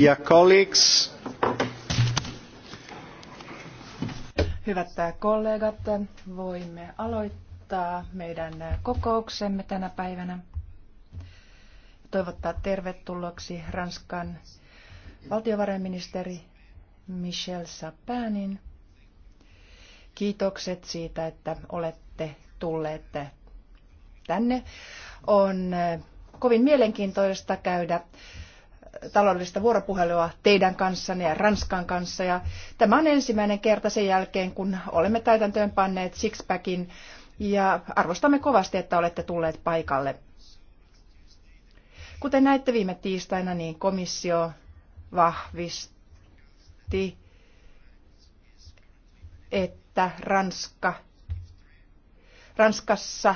Dear colleagues. Hyvät kollegat, voimme aloittaa meidän kokouksemme tänä päivänä. Toivottaa tervetulleeksi Ranskan valtiovarainministeri Michel Sapanin. Kiitokset siitä, että olette tulleet tänne. On kovin mielenkiintoista käydä taloudellista vuoropuhelua teidän kanssanne ja Ranskan kanssa. Ja tämä on ensimmäinen kerta sen jälkeen, kun olemme täytäntöön panneet Sixpackin ja arvostamme kovasti, että olette tulleet paikalle. Kuten näitte viime tiistaina, niin komissio vahvisti, että Ranska, Ranskassa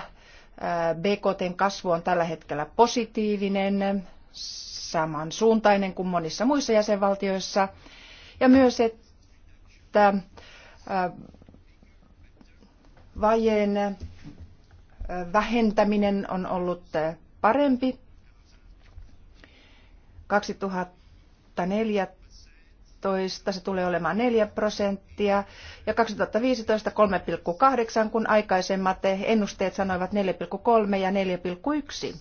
BKTn kasvu on tällä hetkellä positiivinen samansuuntainen kuin monissa muissa jäsenvaltioissa. Ja myös, että äh, vajeen äh, vähentäminen on ollut äh, parempi. 2014 se tulee olemaan 4 prosenttia ja 2015 3,8, kun aikaisemmat ennusteet sanoivat 4,3 ja 4,1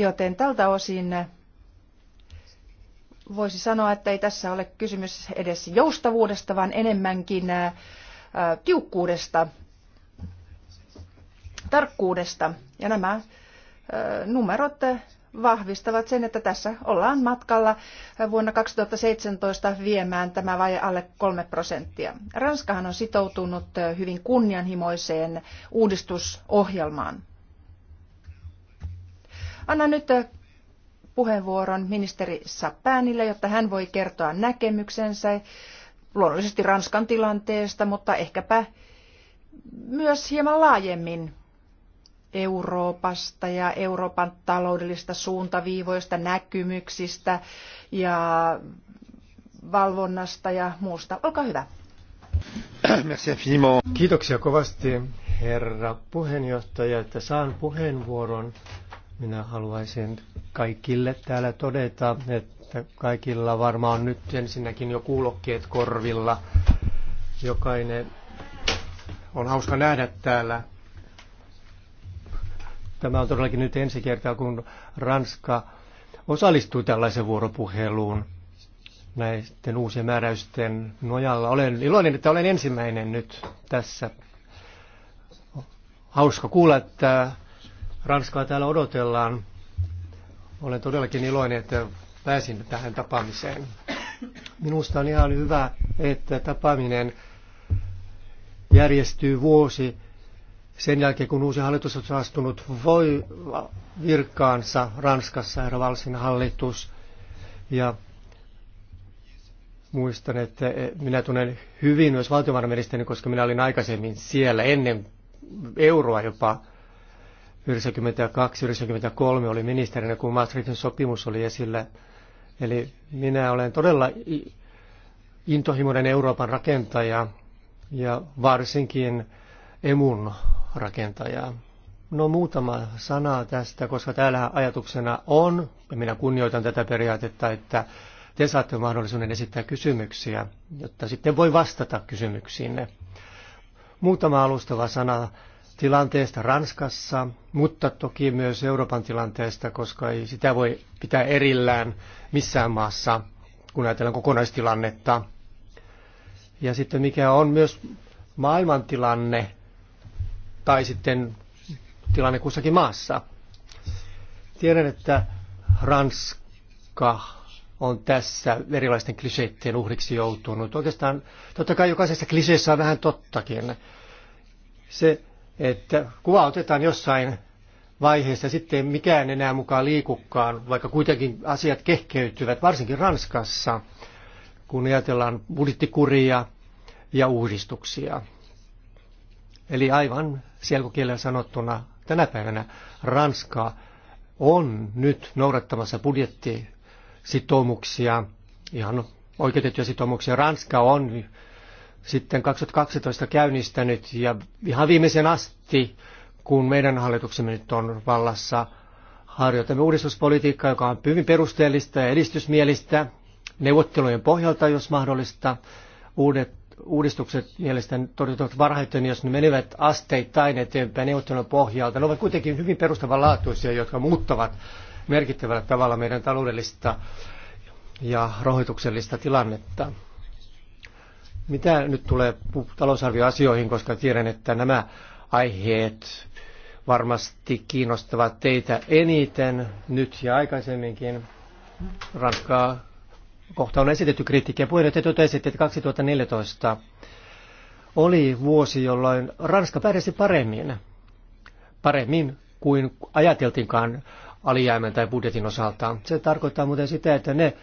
Joten tältä osin voisi sanoa, että ei tässä ole kysymys edes joustavuudesta, vaan enemmänkin tiukkuudesta, tarkkuudesta. Ja nämä numerot vahvistavat sen, että tässä ollaan matkalla vuonna 2017 viemään tämä vaje alle 3 prosenttia. Ranskahan on sitoutunut hyvin kunnianhimoiseen uudistusohjelmaan. Annan nyt äh, puheenvuoron ministeri Sapäänille, jotta hän voi kertoa näkemyksensä luonnollisesti Ranskan tilanteesta, mutta ehkäpä myös hieman laajemmin Euroopasta ja Euroopan taloudellista suuntaviivoista, näkymyksistä ja valvonnasta ja muusta. Olkaa hyvä. Kiitoksia kovasti herra puheenjohtaja, että saan puheenvuoron minä haluaisin kaikille täällä todeta, että kaikilla varmaan nyt ensinnäkin jo kuulokkeet korvilla. Jokainen on hauska nähdä täällä. Tämä on todellakin nyt ensi kertaa, kun Ranska osallistuu tällaiseen vuoropuheluun näiden uusien määräysten nojalla. Olen iloinen, että olen ensimmäinen nyt tässä. Hauska kuulla, että Ranskaa täällä odotellaan. Olen todellakin iloinen, että pääsin tähän tapaamiseen. Minusta on ihan hyvä, että tapaaminen järjestyy vuosi sen jälkeen, kun uusi hallitus on astunut voi virkaansa Ranskassa, herra Valsin hallitus. Ja muistan, että minä tunnen hyvin myös valtiovarainministerin, koska minä olin aikaisemmin siellä ennen euroa jopa. 1992-1993 oli ministerinä, kun Maastrichtin sopimus oli esillä. Eli minä olen todella intohimoinen Euroopan rakentaja ja varsinkin emun rakentaja. No muutama sana tästä, koska täällä ajatuksena on, ja minä kunnioitan tätä periaatetta, että te saatte mahdollisuuden esittää kysymyksiä, jotta sitten voi vastata kysymyksiinne. Muutama alustava sana tilanteesta Ranskassa, mutta toki myös Euroopan tilanteesta, koska ei sitä voi pitää erillään missään maassa, kun ajatellaan kokonaistilannetta. Ja sitten mikä on myös maailmantilanne tai sitten tilanne kussakin maassa. Tiedän, että Ranska on tässä erilaisten kliseiden uhriksi joutunut. Oikeastaan totta kai jokaisessa kliseessä on vähän tottakin. Se että kuva otetaan jossain vaiheessa sitten mikään enää mukaan liikukaan, vaikka kuitenkin asiat kehkeytyvät, varsinkin Ranskassa, kun ajatellaan budjettikuria ja uudistuksia. Eli aivan selkokielellä sanottuna tänä päivänä Ranska on nyt noudattamassa budjettisitoumuksia, ihan oikeutettuja sitoumuksia. Ranska on sitten 2012 käynnistänyt ja ihan viimeisen asti, kun meidän hallituksemme nyt on vallassa, harjoitamme uudistuspolitiikkaa, joka on hyvin perusteellista ja edistysmielistä neuvottelujen pohjalta, jos mahdollista. Uudet uudistukset mielestäni todetut varhaiten, jos ne menevät asteittain eteenpäin neuvottelun pohjalta. Ne ovat kuitenkin hyvin perustavanlaatuisia, jotka muuttavat merkittävällä tavalla meidän taloudellista ja rahoituksellista tilannetta mitä nyt tulee talousarvioasioihin, koska tiedän, että nämä aiheet varmasti kiinnostavat teitä eniten nyt ja aikaisemminkin. Rankkaa kohta on esitetty kritiikkiä. Puheenjohtaja totesi, että 2014 oli vuosi, jolloin Ranska pärjäsi paremmin. Paremmin kuin ajateltiinkaan alijäämän tai budjetin osalta. Se tarkoittaa muuten sitä, että ne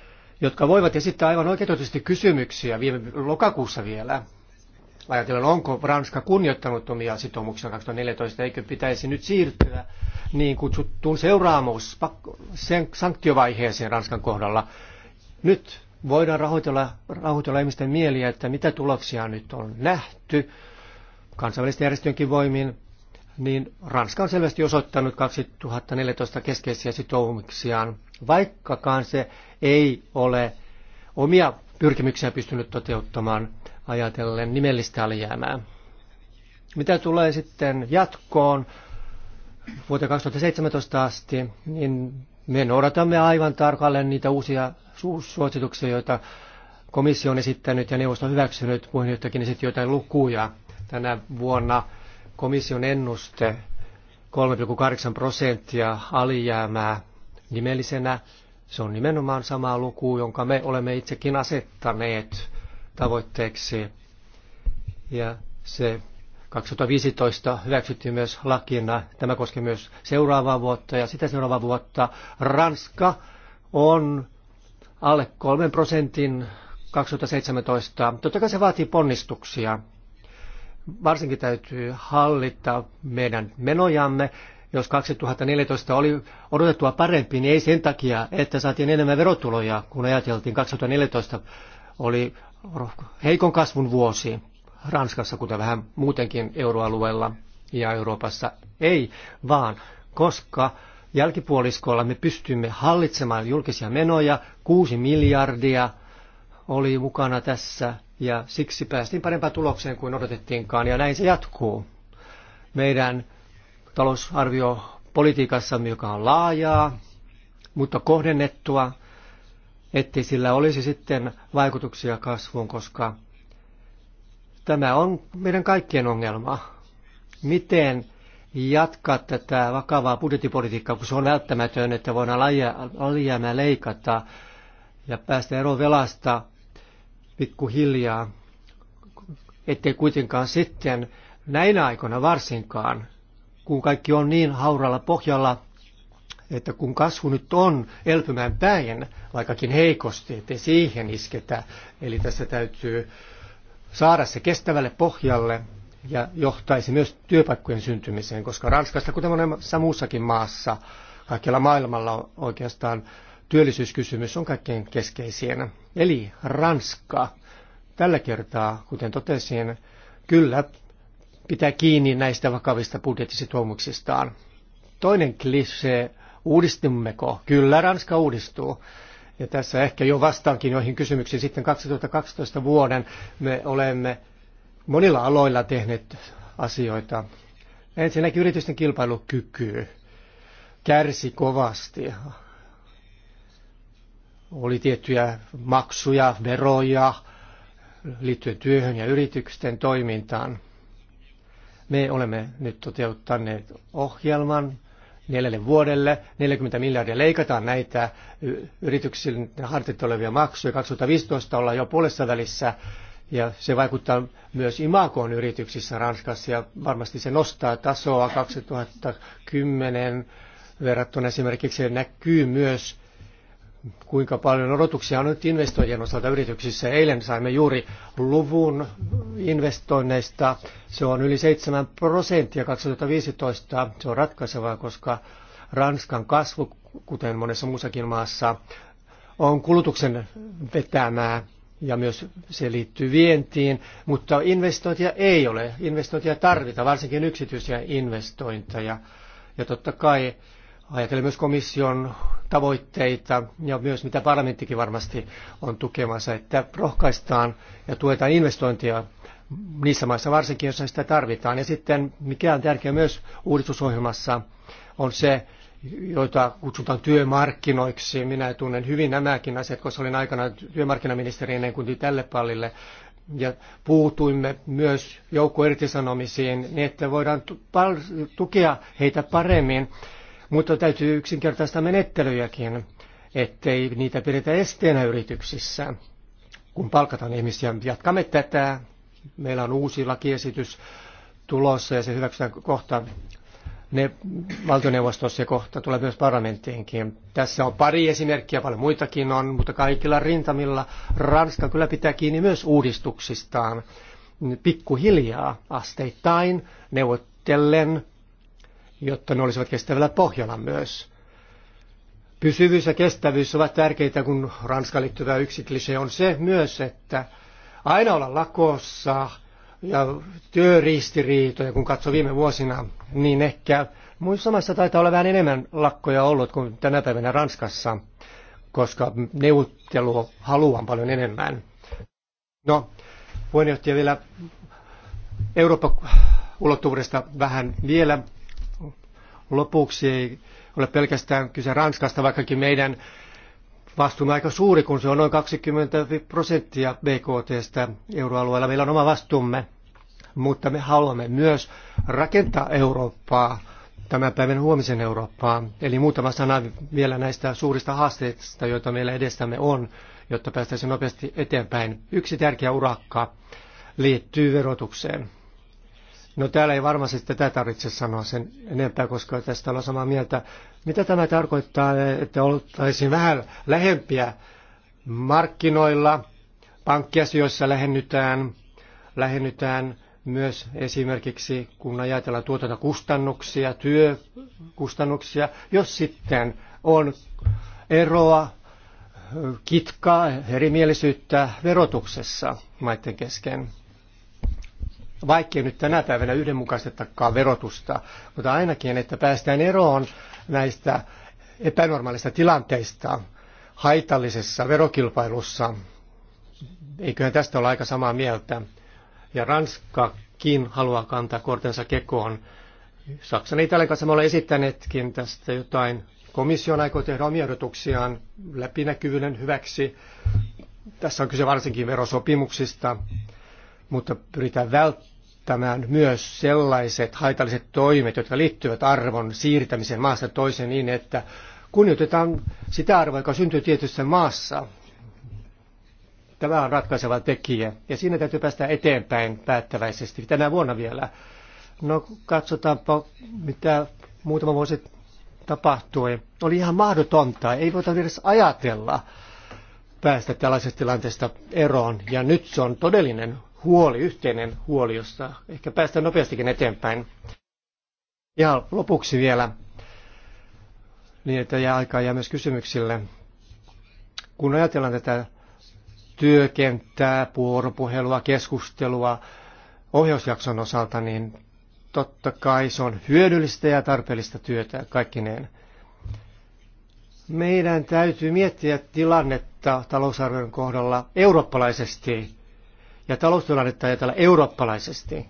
jotka voivat esittää aivan oikeutetusti kysymyksiä viime lokakuussa vielä. Ajatellen, onko Ranska kunnioittanut omia sitoumuksia 2014, eikö pitäisi nyt siirtyä niin kutsuttuun seuraamus sen sanktiovaiheeseen Ranskan kohdalla. Nyt voidaan rahoitella, rahoitella ihmisten mieliä, että mitä tuloksia nyt on nähty kansainvälisten järjestöjenkin voimin, niin Ranska on selvästi osoittanut 2014 keskeisiä sitoumuksiaan vaikkakaan se ei ole omia pyrkimyksiä pystynyt toteuttamaan ajatellen nimellistä alijäämää. Mitä tulee sitten jatkoon vuoteen 2017 asti, niin me noudatamme aivan tarkalleen niitä uusia suosituksia, joita komissio on esittänyt ja neuvosto on hyväksynyt. Puheenjohtajakin esitti jotain lukuja tänä vuonna. Komission ennuste 3,8 prosenttia alijäämää nimellisenä. Se on nimenomaan sama luku, jonka me olemme itsekin asettaneet tavoitteeksi. Ja se 2015 hyväksyttiin myös lakina. Tämä koskee myös seuraavaa vuotta ja sitä seuraavaa vuotta. Ranska on alle 3 prosentin 2017. Totta kai se vaatii ponnistuksia. Varsinkin täytyy hallita meidän menojamme jos 2014 oli odotettua parempi, niin ei sen takia, että saatiin enemmän verotuloja, kun ajateltiin 2014 oli heikon kasvun vuosi Ranskassa, kuten vähän muutenkin euroalueella ja Euroopassa. Ei, vaan koska jälkipuoliskolla me pystymme hallitsemaan julkisia menoja, 6 miljardia oli mukana tässä ja siksi päästiin parempaan tulokseen kuin odotettiinkaan ja näin se jatkuu. Meidän talousarviopolitiikassamme, joka on laajaa, mutta kohdennettua, ettei sillä olisi sitten vaikutuksia kasvuun, koska tämä on meidän kaikkien ongelma. Miten jatkaa tätä vakavaa budjettipolitiikkaa, kun se on välttämätön, että voidaan alijäämää leikata ja päästä eroon velasta pikkuhiljaa, ettei kuitenkaan sitten näinä aikoina varsinkaan kun kaikki on niin hauralla pohjalla, että kun kasvu nyt on elpymään päin, vaikkakin heikosti, ettei siihen isketä. Eli tässä täytyy saada se kestävälle pohjalle ja johtaisi myös työpaikkojen syntymiseen, koska Ranskassa, kuten monessa muussakin maassa, kaikilla maailmalla oikeastaan työllisyyskysymys on kaikkein keskeisin. Eli Ranska tällä kertaa, kuten totesin, kyllä pitää kiinni näistä vakavista budjettisitoumuksistaan. Toinen klisee, uudistummeko? Kyllä, Ranska uudistuu. Ja tässä ehkä jo vastaankin joihin kysymyksiin. Sitten 2012 vuoden me olemme monilla aloilla tehneet asioita. Ensinnäkin yritysten kilpailukyky kärsi kovasti. Oli tiettyjä maksuja, veroja liittyen työhön ja yritysten toimintaan. Me olemme nyt toteuttaneet ohjelman neljälle vuodelle. 40 miljardia leikataan näitä yrityksille hartit olevia maksuja. 2015 ollaan jo puolessa välissä ja se vaikuttaa myös Imakoon yrityksissä Ranskassa ja varmasti se nostaa tasoa 2010 verrattuna esimerkiksi se näkyy myös kuinka paljon odotuksia on nyt investoijien osalta yrityksissä. Eilen saimme juuri luvun investoinneista. Se on yli 7 prosenttia 2015. Se on ratkaisevaa, koska Ranskan kasvu, kuten monessa muussakin maassa, on kulutuksen vetämää ja myös se liittyy vientiin, mutta investointia ei ole. Investointia tarvitaan, varsinkin yksityisiä investointeja. Ja totta kai Ajatellen myös komission tavoitteita ja myös mitä parlamenttikin varmasti on tukemassa, että rohkaistaan ja tuetaan investointia niissä maissa varsinkin, joissa sitä tarvitaan. Ja sitten mikä on tärkeää myös uudistusohjelmassa on se, joita kutsutaan työmarkkinoiksi. Minä tunnen hyvin nämäkin asiat, koska olin aikana työmarkkinaministeri ennen kuin tälle pallille. Ja puutuimme myös joukkoirtisanomisiin niin, että voidaan tukea heitä paremmin mutta täytyy yksinkertaista menettelyjäkin, ettei niitä pidetä esteenä yrityksissä, kun palkataan ihmisiä. Jatkamme tätä. Meillä on uusi lakiesitys tulossa ja se hyväksytään kohta ne valtioneuvostossa ja kohta tulee myös parlamenttiinkin. Tässä on pari esimerkkiä, paljon muitakin on, mutta kaikilla rintamilla Ranska kyllä pitää kiinni myös uudistuksistaan pikkuhiljaa, asteittain, neuvottelen jotta ne olisivat kestävällä pohjalla myös. Pysyvyys ja kestävyys ovat tärkeitä, kun Ranskaan liittyvä yksiklise on se myös, että aina olla lakossa ja työristiriitoja, kun katsoo viime vuosina, niin ehkä muissa samassa taitaa olla vähän enemmän lakkoja ollut kuin tänä päivänä Ranskassa, koska neuvottelu haluan paljon enemmän. No, puheenjohtaja vielä Euroopan ulottuvuudesta vähän vielä lopuksi ei ole pelkästään kyse Ranskasta, vaikkakin meidän vastuumme aika suuri, kun se on noin 20 prosenttia BKTstä euroalueella. Meillä on oma vastuumme, mutta me haluamme myös rakentaa Eurooppaa, tämän päivän huomisen Eurooppaa. Eli muutama sana vielä näistä suurista haasteista, joita meillä edestämme on, jotta päästäisiin nopeasti eteenpäin. Yksi tärkeä urakka liittyy verotukseen. No täällä ei varmasti tätä tarvitse sanoa sen enempää, koska tästä ollaan samaa mieltä. Mitä tämä tarkoittaa, että oltaisiin vähän lähempiä markkinoilla, pankkiasioissa lähennytään, lähennytään myös esimerkiksi, kun ajatellaan tuotantokustannuksia, työkustannuksia, jos sitten on eroa, kitkaa, erimielisyyttä verotuksessa maiden kesken vaikkei nyt tänä päivänä yhdenmukaistettakaan verotusta, mutta ainakin, että päästään eroon näistä epänormaalista tilanteista haitallisessa verokilpailussa. Eiköhän tästä ole aika samaa mieltä. Ja Ranskakin haluaa kantaa kortensa kekoon. Saksan Italian kanssa me olemme esittäneetkin tästä jotain. Komission aikoo tehdä omia odotuksiaan läpinäkyvyyden hyväksi. Tässä on kyse varsinkin verosopimuksista mutta pyritään välttämään myös sellaiset haitalliset toimet, jotka liittyvät arvon siirtämiseen maasta toiseen niin, että kunnioitetaan sitä arvoa, joka syntyy tietyssä maassa. Tämä on ratkaiseva tekijä ja siinä täytyy päästä eteenpäin päättäväisesti tänä vuonna vielä. No katsotaanpa, mitä muutama vuosi tapahtui. Oli ihan mahdotonta, ei voita edes ajatella päästä tällaisesta tilanteesta eroon. Ja nyt se on todellinen huoli, yhteinen huoli, josta ehkä päästään nopeastikin eteenpäin. Ja lopuksi vielä, niin että jää aikaa jää myös kysymyksille. Kun ajatellaan tätä työkenttää, vuoropuhelua, keskustelua ohjausjakson osalta, niin totta kai se on hyödyllistä ja tarpeellista työtä kaikkineen. Meidän täytyy miettiä tilannetta talousarvion kohdalla eurooppalaisesti ja taloustilannetta ajatella eurooppalaisesti.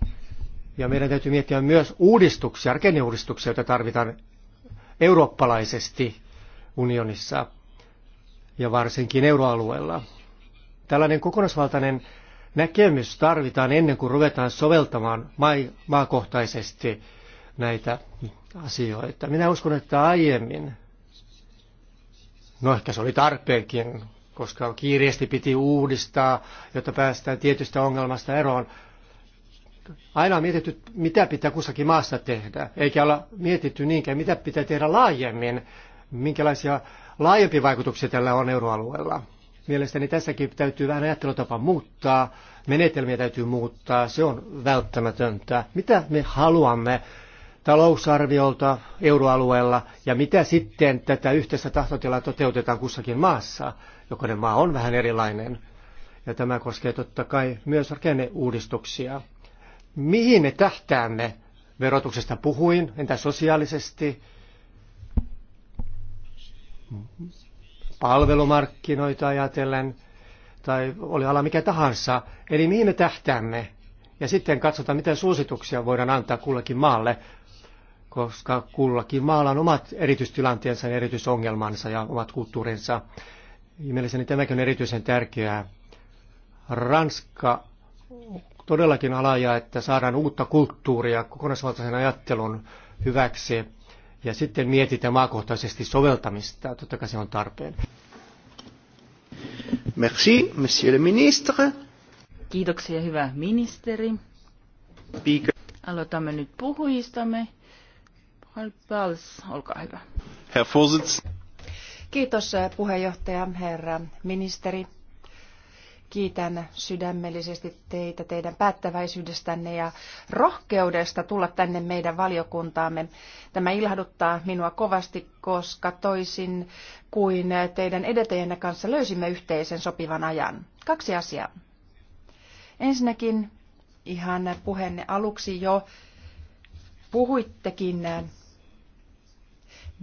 Ja meidän täytyy miettiä myös uudistuksia, rakenneuudistuksia, joita tarvitaan eurooppalaisesti unionissa ja varsinkin euroalueella. Tällainen kokonaisvaltainen näkemys tarvitaan ennen kuin ruvetaan soveltamaan maakohtaisesti näitä asioita. Minä uskon, että aiemmin, no ehkä se oli tarpeenkin, koska kiireesti piti uudistaa, jotta päästään tietystä ongelmasta eroon. Aina on mietitty, mitä pitää kussakin maassa tehdä, eikä olla mietitty niinkään, mitä pitää tehdä laajemmin, minkälaisia laajempia vaikutuksia tällä on euroalueella. Mielestäni tässäkin täytyy vähän ajattelutapa muuttaa, menetelmiä täytyy muuttaa, se on välttämätöntä. Mitä me haluamme talousarviolta euroalueella ja mitä sitten tätä yhteistä tahtotilaa toteutetaan kussakin maassa? jokainen maa on vähän erilainen. Ja tämä koskee totta kai myös rakenneuudistuksia. Mihin me tähtäämme? Verotuksesta puhuin, entä sosiaalisesti? Palvelumarkkinoita ajatellen, tai oli ala mikä tahansa. Eli mihin me tähtäämme? Ja sitten katsotaan, mitä suosituksia voidaan antaa kullakin maalle, koska kullakin maalla on omat erityistilanteensa ja erityisongelmansa ja omat kulttuurinsa. Ja mielestäni tämäkin on erityisen tärkeää. Ranska todellakin alaja, että saadaan uutta kulttuuria kokonaisvaltaisen ajattelun hyväksi ja sitten mietitään maakohtaisesti soveltamista. Totta kai se on tarpeen. Merci, monsieur le ministre. Kiitoksia, hyvä ministeri. Speaker. Aloitamme nyt puhujistamme. Halpals, olkaa hyvä. Herr Vorsitz. Kiitos eh, puheenjohtaja, herra ministeri. Kiitän sydämellisesti teitä teidän päättäväisyydestänne ja rohkeudesta tulla tänne meidän valiokuntaamme. Tämä ilahduttaa minua kovasti, koska toisin kuin teidän edetäjänne kanssa löysimme yhteisen sopivan ajan. Kaksi asiaa. Ensinnäkin ihan puheenne aluksi jo puhuittekin eh,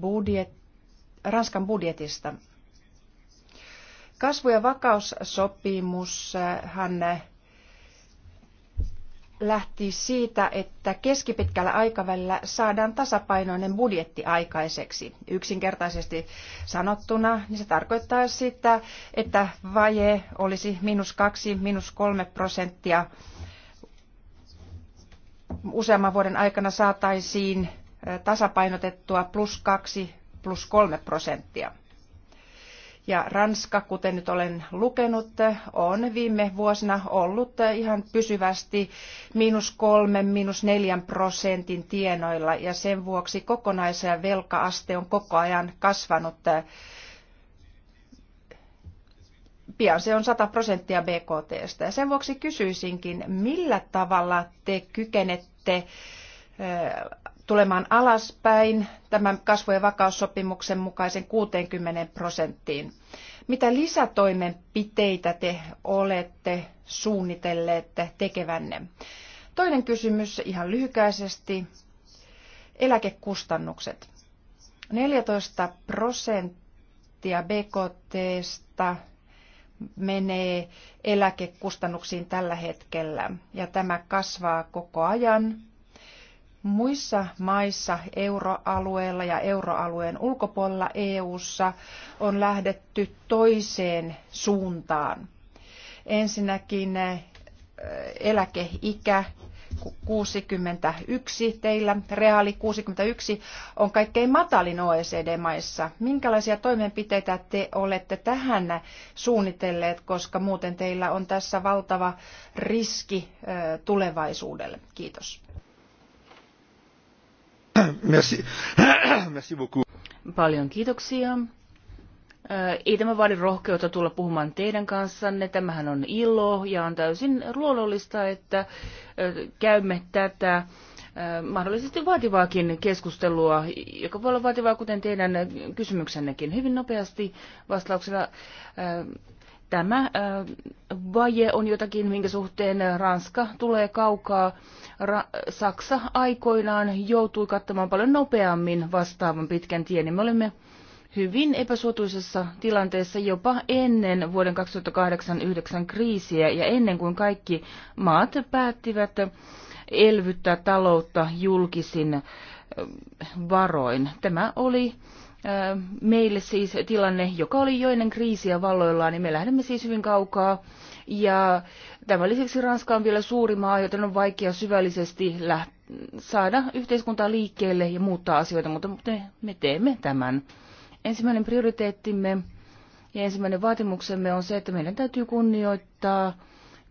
budjetti Ranskan budjetista. Kasvu- ja vakaussopimushan lähti siitä, että keskipitkällä aikavälillä saadaan tasapainoinen budjetti aikaiseksi. Yksinkertaisesti sanottuna niin se tarkoittaa sitä, että vaje olisi miinus kaksi, miinus kolme prosenttia useamman vuoden aikana saataisiin tasapainotettua plus kaksi plus kolme prosenttia. Ja Ranska, kuten nyt olen lukenut, on viime vuosina ollut ihan pysyvästi miinus kolmen, miinus neljän prosentin tienoilla ja sen vuoksi kokonaisen velkaaste on koko ajan kasvanut. Pian se on 100 prosenttia BKTstä ja sen vuoksi kysyisinkin, millä tavalla te kykenette tulemaan alaspäin tämän kasvu- ja vakaussopimuksen mukaisen 60 prosenttiin. Mitä lisätoimenpiteitä te olette suunnitelleet tekevänne? Toinen kysymys ihan lyhykäisesti. Eläkekustannukset. 14 prosenttia BKTstä menee eläkekustannuksiin tällä hetkellä ja tämä kasvaa koko ajan – Muissa maissa euroalueella ja euroalueen ulkopuolella EU:ssa on lähdetty toiseen suuntaan. Ensinnäkin eh, eläkeikä 61 teillä, reaali 61 on kaikkein matalin OECD-maissa. Minkälaisia toimenpiteitä te olette tähän suunnitelleet, koska muuten teillä on tässä valtava riski eh, tulevaisuudelle? Kiitos. Merci. Merci beaucoup. Paljon kiitoksia. Äh, ei tämä vaadi rohkeutta tulla puhumaan teidän kanssanne. Tämähän on ilo ja on täysin luonnollista, että äh, käymme tätä äh, mahdollisesti vaativaakin keskustelua, joka voi olla vaativaa, kuten teidän kysymyksennekin. Hyvin nopeasti vastauksena Tämä vaje on jotakin, minkä suhteen Ranska tulee kaukaa. Ra- Saksa aikoinaan joutui kattamaan paljon nopeammin vastaavan pitkän tien. Me olemme hyvin epäsuotuisessa tilanteessa jopa ennen vuoden 2008-2009 kriisiä ja ennen kuin kaikki maat päättivät elvyttää taloutta julkisin varoin. Tämä oli meille siis tilanne, joka oli joinen kriisiä valloillaan, niin me lähdemme siis hyvin kaukaa. Ja tämän lisäksi Ranska on vielä suuri maa, joten on vaikea syvällisesti saada yhteiskuntaa liikkeelle ja muuttaa asioita, mutta me teemme tämän. Ensimmäinen prioriteettimme ja ensimmäinen vaatimuksemme on se, että meidän täytyy kunnioittaa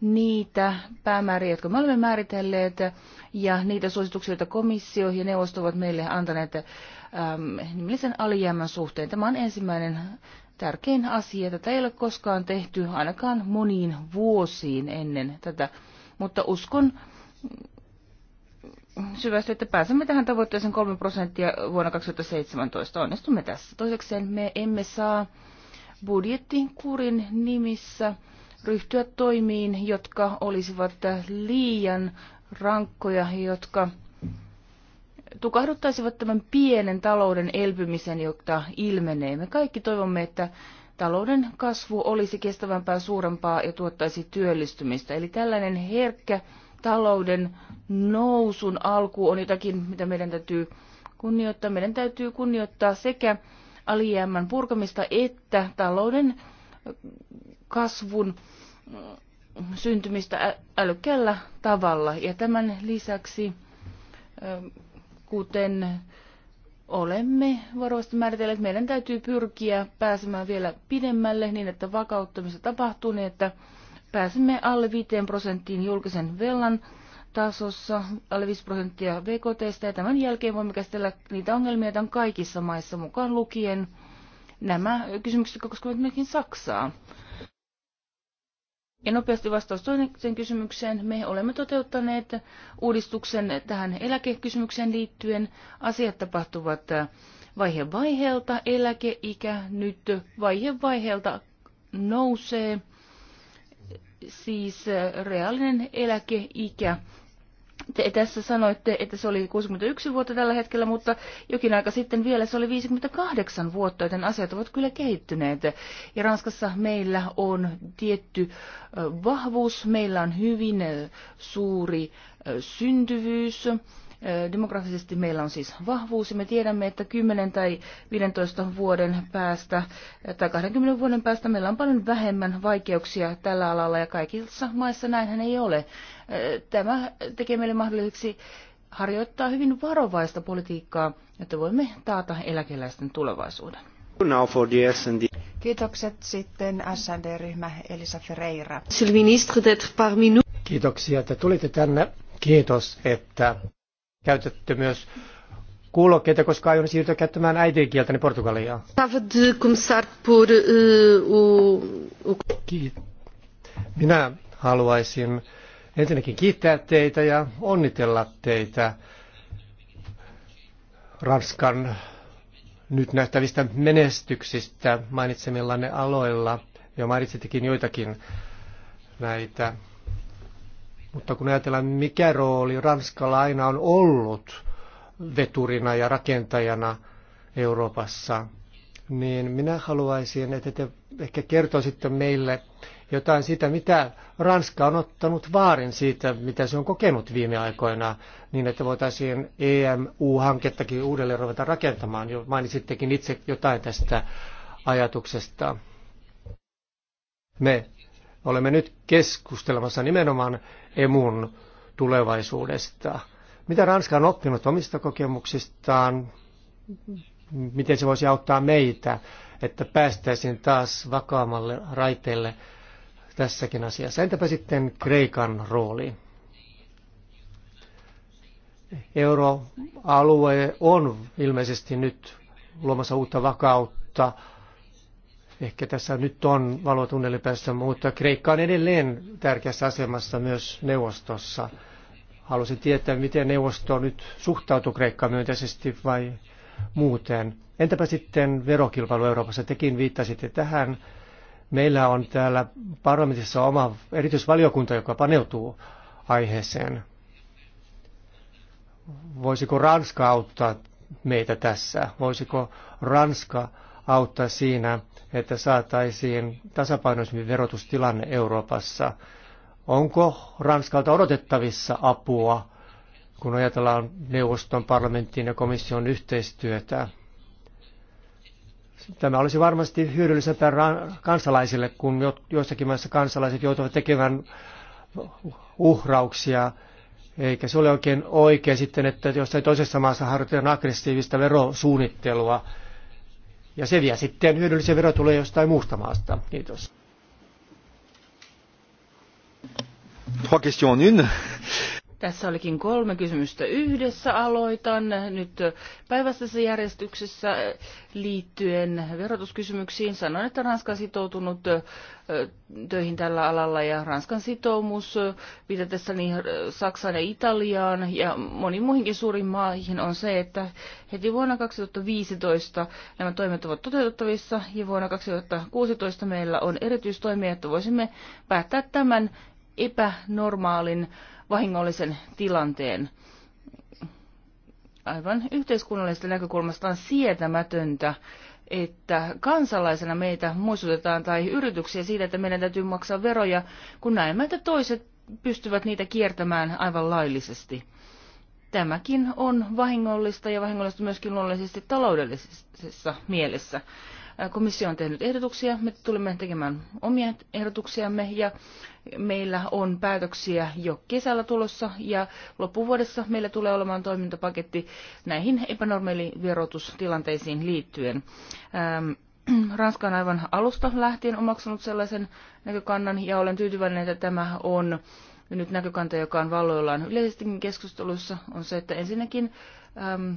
niitä päämääriä, jotka me olemme määritelleet, ja niitä suosituksia, joita komissio ja neuvosto ovat meille antaneet Ähm, nimellisen alijäämän suhteen. Tämä on ensimmäinen tärkein asia. Tätä ei ole koskaan tehty ainakaan moniin vuosiin ennen tätä, mutta uskon syvästi, että pääsemme tähän tavoitteeseen 3 prosenttia vuonna 2017. Onnistumme tässä. Toisekseen me emme saa budjettikurin nimissä ryhtyä toimiin, jotka olisivat liian rankkoja, jotka tukahduttaisivat tämän pienen talouden elpymisen, jota ilmenee. Me kaikki toivomme, että talouden kasvu olisi kestävämpää, suurempaa ja tuottaisi työllistymistä. Eli tällainen herkkä talouden nousun alku on jotakin, mitä meidän täytyy kunnioittaa. Meidän täytyy kunnioittaa sekä alijäämän purkamista että talouden kasvun syntymistä älykkäällä tavalla. Ja tämän lisäksi kuten olemme varovasti määritelleet, meidän täytyy pyrkiä pääsemään vielä pidemmälle niin, että vakauttamista tapahtuu niin, että pääsemme alle 5 prosenttiin julkisen velan tasossa, alle 5 prosenttia VKT, ja tämän jälkeen voimme käsitellä niitä ongelmia, joita on kaikissa maissa mukaan lukien. Nämä kysymykset koskevat myöskin Saksaa. Ja nopeasti vastaus toiseen kysymykseen. Me olemme toteuttaneet uudistuksen tähän eläkekysymykseen liittyen. Asiat tapahtuvat vaihe vaiheelta. Eläkeikä nyt vaihe vaiheelta nousee. Siis reaalinen eläkeikä te tässä sanoitte, että se oli 61 vuotta tällä hetkellä, mutta jokin aika sitten vielä se oli 58 vuotta, joten asiat ovat kyllä kehittyneet. Ja Ranskassa meillä on tietty vahvuus, meillä on hyvin suuri syntyvyys Demografisesti meillä on siis vahvuus ja me tiedämme, että 10 tai 15 vuoden päästä tai 20 vuoden päästä meillä on paljon vähemmän vaikeuksia tällä alalla ja kaikissa maissa näinhän ei ole. Tämä tekee meille mahdolliseksi harjoittaa hyvin varovaista politiikkaa, jotta voimme taata eläkeläisten tulevaisuuden. Now for the Kiitokset sitten SND-ryhmä Elisa Ferreira. Kiitoksia, että tulitte tänne. Kiitos, että käytetty myös kuulokkeita, koska aion siirtyä käyttämään äidinkieltäni Portugaliaa. Eh, minä haluaisin ensinnäkin kiittää teitä ja onnitella teitä Ranskan nyt nähtävistä menestyksistä mainitsemillanne aloilla. Jo mainitsittekin joitakin näitä mutta kun ajatellaan, mikä rooli Ranskalla aina on ollut veturina ja rakentajana Euroopassa, niin minä haluaisin, että te ehkä kertoisitte meille jotain siitä, mitä Ranska on ottanut vaarin siitä, mitä se on kokenut viime aikoina, niin että voitaisiin EMU-hankettakin uudelleen ruveta rakentamaan. Jo mainitsittekin itse jotain tästä ajatuksesta. Me Olemme nyt keskustelemassa nimenomaan emun tulevaisuudesta. Mitä Ranska on oppinut omista kokemuksistaan? Miten se voisi auttaa meitä, että päästäisiin taas vakaammalle raiteelle tässäkin asiassa? Entäpä sitten Kreikan rooli? Euroalue on ilmeisesti nyt luomassa uutta vakautta Ehkä tässä nyt on valotunneli päässä, mutta Kreikka on edelleen tärkeässä asemassa myös neuvostossa. Haluaisin tietää, miten neuvosto nyt suhtautuu Kreikkaan myönteisesti vai muuten. Entäpä sitten verokilpailu Euroopassa? Tekin viittasitte tähän. Meillä on täällä parlamentissa oma erityisvaliokunta, joka paneutuu aiheeseen. Voisiko Ranska auttaa meitä tässä? Voisiko Ranska auttaa siinä, että saataisiin tasapainoisempi verotustilanne Euroopassa. Onko Ranskalta odotettavissa apua, kun ajatellaan neuvoston, parlamenttiin ja komission yhteistyötä? Tämä olisi varmasti hyödyllisempää kansalaisille, kun joissakin maissa kansalaiset joutuvat tekemään uhrauksia, eikä se ole oikein oikein sitten, että jossain toisessa maassa harjoitetaan aggressiivista verosuunnittelua ja se vie sitten hyödyllisen verotuloja jostain muusta maasta. Kiitos. Trois questions en une. Tässä olikin kolme kysymystä yhdessä. Aloitan nyt päivässä järjestyksessä liittyen verotuskysymyksiin. Sanoin, että Ranska on sitoutunut töihin tällä alalla ja Ranskan sitoumus viitatessa niin Saksaan ja Italiaan ja moniin muihinkin suuriin maihin on se, että heti vuonna 2015 nämä toimet ovat toteutettavissa ja vuonna 2016 meillä on erityistoimia, että voisimme päättää tämän epänormaalin äh, vahingollisen tilanteen. Aivan yhteiskunnallisesta näkökulmasta on sietämätöntä, että kansalaisena meitä muistutetaan tai yrityksiä siitä, että meidän täytyy maksaa veroja, kun näemme, että toiset pystyvät niitä kiertämään aivan laillisesti. Tämäkin on vahingollista ja vahingollista myöskin luonnollisesti taloudellisessa mielessä. Komissio on tehnyt ehdotuksia, me tulemme tekemään omia ehdotuksiamme ja meillä on päätöksiä jo kesällä tulossa ja loppuvuodessa meillä tulee olemaan toimintapaketti näihin epänormaaliverotustilanteisiin liittyen. Ähm, Ranska on aivan alusta lähtien omaksunut sellaisen näkökannan ja olen tyytyväinen, että tämä on nyt näkökanta, joka on valloillaan yleisestikin keskustelussa, on se, että ensinnäkin äm,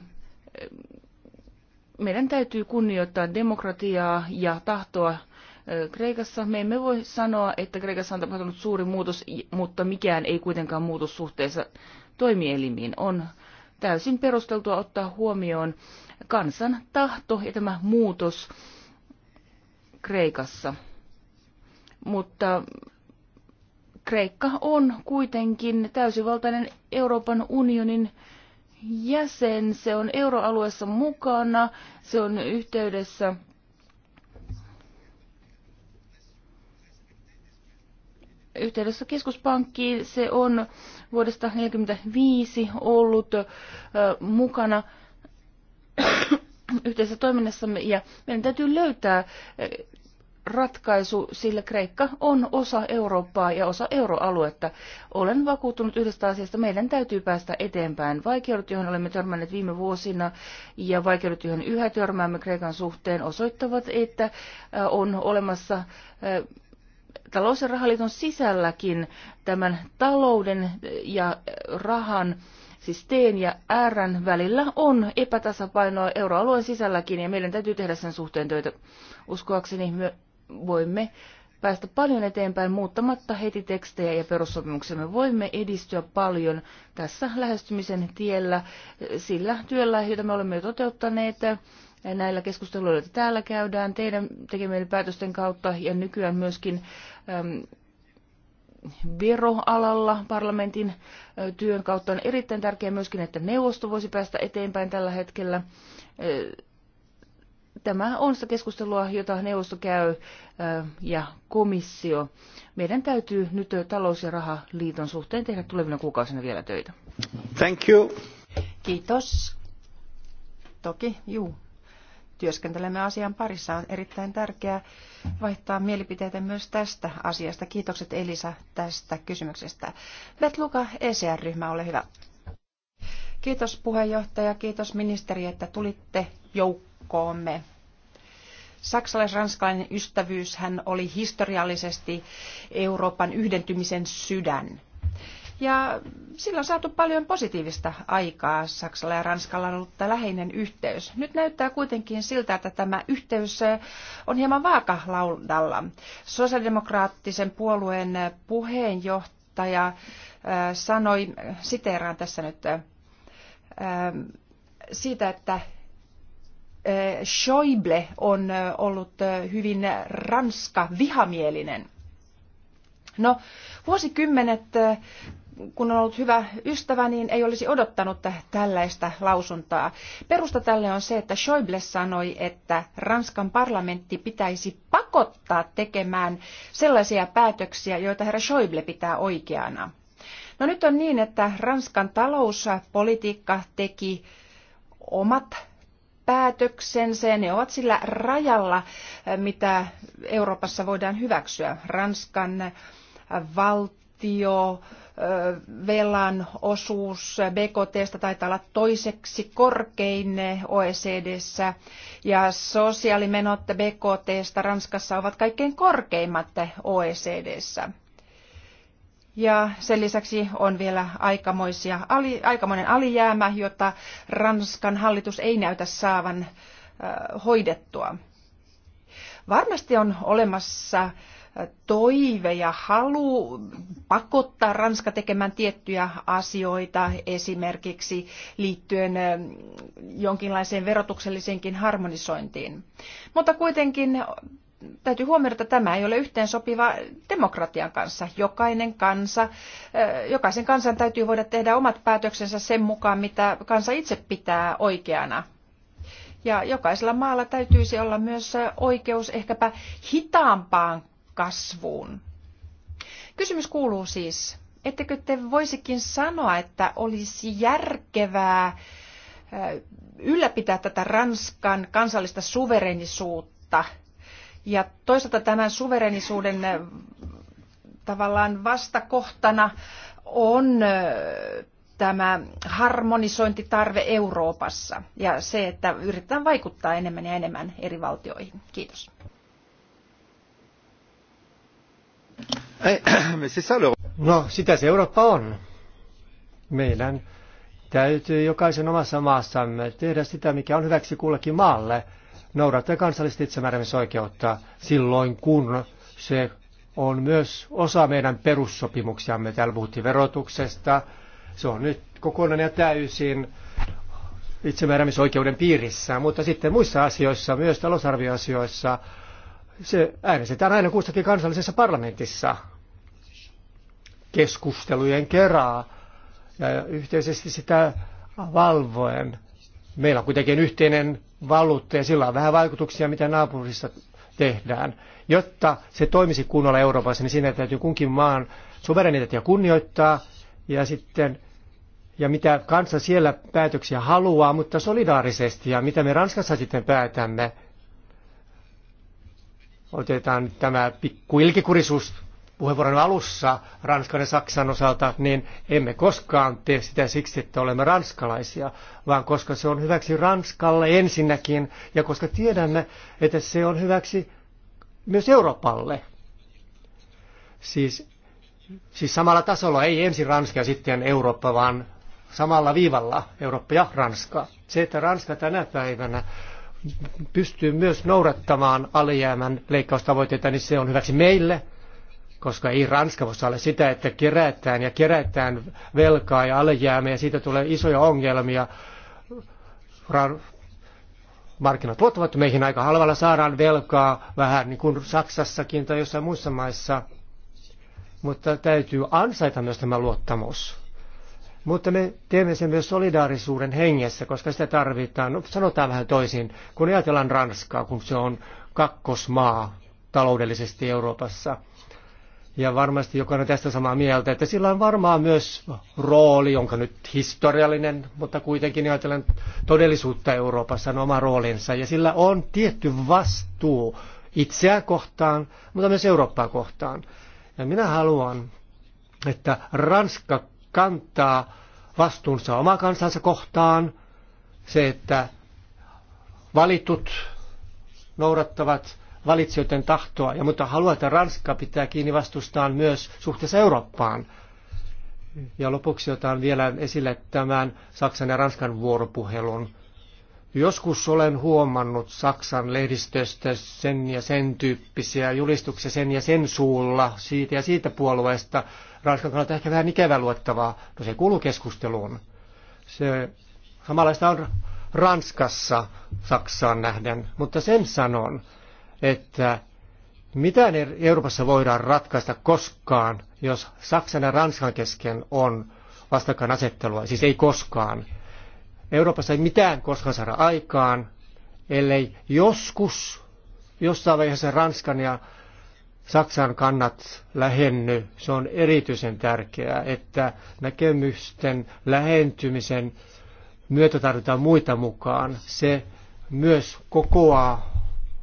meidän täytyy kunnioittaa demokratiaa ja tahtoa Kreikassa. Me emme voi sanoa, että Kreikassa on tapahtunut suuri muutos, mutta mikään ei kuitenkaan muutos suhteessa toimielimiin. On täysin perusteltua ottaa huomioon kansan tahto ja tämä muutos Kreikassa. Mutta Kreikka on kuitenkin täysivaltainen Euroopan unionin jäsen, se on euroalueessa mukana, se on yhteydessä yhteydessä keskuspankkiin. Se on vuodesta 1945 ollut ö, mukana yhteisessä toiminnassamme ja meidän täytyy löytää ratkaisu, sillä Kreikka on osa Eurooppaa ja osa euroaluetta. Olen vakuuttunut yhdestä asiasta, meidän täytyy päästä eteenpäin. Vaikeudet, joihin olemme törmänneet viime vuosina ja vaikeudet, joihin yhä törmäämme Kreikan suhteen, osoittavat, että äh, on olemassa äh, talous- ja rahaliiton sisälläkin tämän talouden ja rahan siis T ja R välillä on epätasapainoa euroalueen sisälläkin ja meidän täytyy tehdä sen suhteen töitä. Uskoakseni voimme päästä paljon eteenpäin muuttamatta heti tekstejä ja perussopimuksia. Me voimme edistyä paljon tässä lähestymisen tiellä, sillä työllä, jota me olemme jo toteuttaneet, näillä keskusteluilla, joita täällä käydään, teidän tekemien päätösten kautta ja nykyään myöskin äm, veroalalla parlamentin työn kautta on erittäin tärkeää myöskin, että neuvosto voisi päästä eteenpäin tällä hetkellä tämä on sitä keskustelua, jota neuvosto käy äh, ja komissio. Meidän täytyy nyt talous- ja rahaliiton suhteen tehdä tulevina kuukausina vielä töitä. Thank you. Kiitos. Toki, juu. Työskentelemme asian parissa. On erittäin tärkeää vaihtaa mielipiteitä myös tästä asiasta. Kiitokset Elisa tästä kysymyksestä. Vetluka, ECR-ryhmä, ole hyvä. Kiitos puheenjohtaja, kiitos ministeri, että tulitte joukkoon joukkoomme. Saksalais-ranskalainen ystävyys hän oli historiallisesti Euroopan yhdentymisen sydän. Ja sillä on saatu paljon positiivista aikaa. Saksalla ja Ranskalla on ollut läheinen yhteys. Nyt näyttää kuitenkin siltä, että tämä yhteys eh, on hieman vaakalaudalla. Sosialdemokraattisen puolueen eh, puheenjohtaja eh, sanoi, siteeraan tässä nyt, siitä, että Schäuble on ollut hyvin ranska vihamielinen. No, vuosikymmenet, kun on ollut hyvä ystävä, niin ei olisi odottanut tällaista lausuntaa. Perusta tälle on se, että Schäuble sanoi, että Ranskan parlamentti pitäisi pakottaa tekemään sellaisia päätöksiä, joita herra Schäuble pitää oikeana. No nyt on niin, että Ranskan talouspolitiikka teki omat päätöksensä ja ne ovat sillä rajalla, eh, mitä Euroopassa voidaan hyväksyä. Ranskan eh, valtio, eh, velan osuus BKTstä taitaa olla toiseksi korkein OECDssä ja sosiaalimenot BKTstä Ranskassa ovat kaikkein korkeimmat OECDssä. Ja sen lisäksi on vielä aikamoisia, ali, aikamoinen alijäämä, jota Ranskan hallitus ei näytä saavan äh, hoidettua. Varmasti on olemassa toive ja halu pakottaa Ranska tekemään tiettyjä asioita, esimerkiksi liittyen jonkinlaiseen verotukselliseenkin harmonisointiin. Mutta kuitenkin täytyy huomioida, että tämä ei ole yhteen sopiva demokratian kanssa. Jokainen kansa, jokaisen kansan täytyy voida tehdä omat päätöksensä sen mukaan, mitä kansa itse pitää oikeana. Ja jokaisella maalla täytyisi olla myös oikeus ehkäpä hitaampaan kasvuun. Kysymys kuuluu siis, ettekö te voisikin sanoa, että olisi järkevää ylläpitää tätä Ranskan kansallista suverenisuutta – ja toisaalta tämän suverenisuuden äh, tavallaan vastakohtana on äh, tämä harmonisointitarve Euroopassa ja se, että yritetään vaikuttaa enemmän ja enemmän eri valtioihin. Kiitos. Eh, siis no, sitä se Eurooppa on. Meidän täytyy jokaisen omassa maassamme tehdä sitä, mikä on hyväksi kullakin maalle – noudattaa kansallista itsemääräämisoikeutta silloin, kun se on myös osa meidän perussopimuksiamme. Täällä puhuttiin verotuksesta. Se on nyt kokonaan ja täysin itsemääräämisoikeuden piirissä, mutta sitten muissa asioissa, myös talousarvioasioissa, se äänestetään aina kustakin kansallisessa parlamentissa keskustelujen kerää ja yhteisesti sitä valvoen. Meillä on kuitenkin yhteinen valuutta ja sillä on vähän vaikutuksia, mitä naapurissa tehdään. Jotta se toimisi kunnolla Euroopassa, niin siinä täytyy kunkin maan suvereniteettia kunnioittaa ja sitten ja mitä kansa siellä päätöksiä haluaa, mutta solidaarisesti ja mitä me Ranskassa sitten päätämme. Otetaan tämä pikku ilkikurisuus puheenvuoron alussa Ranskan ja Saksan osalta, niin emme koskaan tee sitä siksi, että olemme ranskalaisia, vaan koska se on hyväksi Ranskalle ensinnäkin, ja koska tiedämme, että se on hyväksi myös Euroopalle. Siis, siis samalla tasolla, ei ensin Ranska ja sitten Eurooppa, vaan samalla viivalla Eurooppa ja Ranska. Se, että Ranska tänä päivänä pystyy myös noudattamaan alijäämän leikkaustavoitteita, niin se on hyväksi meille – koska ei Ranska voi olla sitä, että kerätään ja kerätään velkaa ja alijäämiä ja siitä tulee isoja ongelmia. markkinat luottavat meihin aika halvalla, saadaan velkaa vähän niin kuin Saksassakin tai jossain muissa maissa, mutta täytyy ansaita myös tämä luottamus. Mutta me teemme sen myös solidaarisuuden hengessä, koska sitä tarvitaan. No, sanotaan vähän toisin, kun ajatellaan Ranskaa, kun se on kakkosmaa taloudellisesti Euroopassa – ja varmasti jokainen tästä samaa mieltä, että sillä on varmaan myös rooli, jonka nyt historiallinen, mutta kuitenkin niin ajatellen todellisuutta Euroopassa on oma roolinsa. Ja sillä on tietty vastuu itseä kohtaan, mutta myös Eurooppaa kohtaan. Ja minä haluan, että Ranska kantaa vastuunsa oma kansansa kohtaan, se, että valitut noudattavat valitsijoiden tahtoa, ja mutta haluaa, että Ranska pitää kiinni vastustaan myös suhteessa Eurooppaan. Ja lopuksi otan vielä esille tämän Saksan ja Ranskan vuoropuhelun. Joskus olen huomannut Saksan lehdistöstä sen ja sen tyyppisiä julistuksia sen ja sen suulla siitä ja siitä puolueesta. Ranskan kannalta ehkä vähän ikävä luettavaa. No se kuuluu keskusteluun. Se samanlaista on Ranskassa Saksaan nähden, mutta sen sanon, että mitään Euroopassa voidaan ratkaista koskaan, jos Saksan ja Ranskan kesken on vastakkainasettelua. Siis ei koskaan. Euroopassa ei mitään koskaan saada aikaan, ellei joskus jossain vaiheessa Ranskan ja Saksan kannat lähenny. Se on erityisen tärkeää, että näkemysten lähentymisen myötä tarvitaan muita mukaan. Se myös kokoaa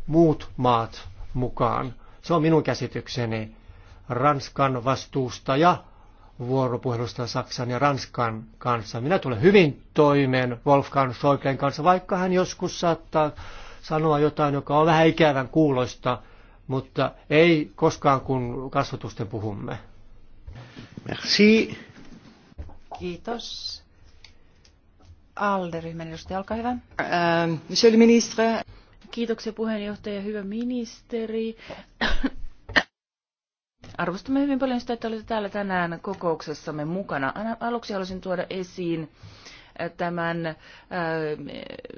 muut maat mukaan. Se on minun käsitykseni Ranskan vastuusta ja vuoropuhelusta Saksan ja Ranskan kanssa. Minä tulen hyvin toimeen Wolfgang Schäublen kanssa, vaikka hän joskus saattaa sanoa jotain, joka on vähän ikävän kuulosta, mutta ei koskaan kun kasvatusten puhumme. Merci. Kiitos. Alderyhmän edustaja, olkaa hyvä. Ähm, monsieur le ministre. Kiitoksia puheenjohtaja, hyvä ministeri. Arvostamme hyvin paljon sitä, että olette täällä tänään kokouksessamme mukana. Aluksi haluaisin tuoda esiin äh, tämän äh,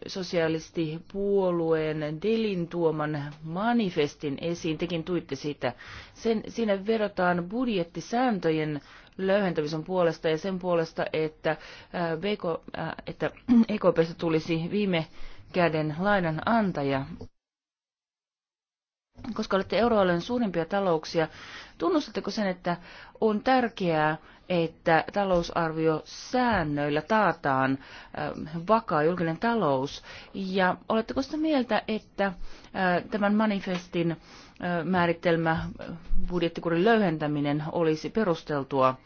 sosialistipuolueen Delin tuoman manifestin esiin. Tekin tuitte sitä. Sen, siinä vedotaan budjettisääntöjen löyhentämisen puolesta ja sen puolesta, että, äh, BK, että EKPstä e tulisi viime käden lainan antaja. Koska olette euroalueen suurimpia talouksia, tunnustatteko sen, että on tärkeää, että talousarvio säännöillä taataan äh, vakaa julkinen talous? Ja oletteko sitä mieltä, että äh, tämän manifestin äh, määritelmä budjettikurin löyhentäminen olisi perusteltua?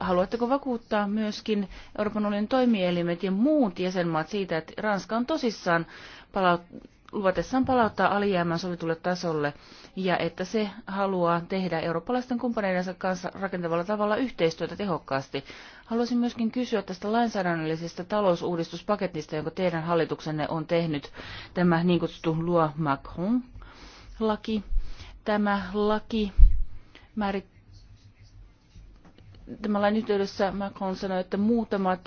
haluatteko vakuuttaa myöskin Euroopan unionin toimielimet ja muut jäsenmaat siitä, että Ranska on tosissaan palaut- luvatessaan palauttaa alijäämän sovitulle tasolle ja että se haluaa tehdä eurooppalaisten kumppaneidensa kanssa rakentavalla tavalla yhteistyötä tehokkaasti. Haluaisin myöskin kysyä tästä lainsäädännöllisestä talousuudistuspaketista, jonka teidän hallituksenne on tehnyt, tämä niin kutsuttu Loi Macron-laki. Tämä laki määrittää tämän lain yhteydessä Macron sanoi, että muutamat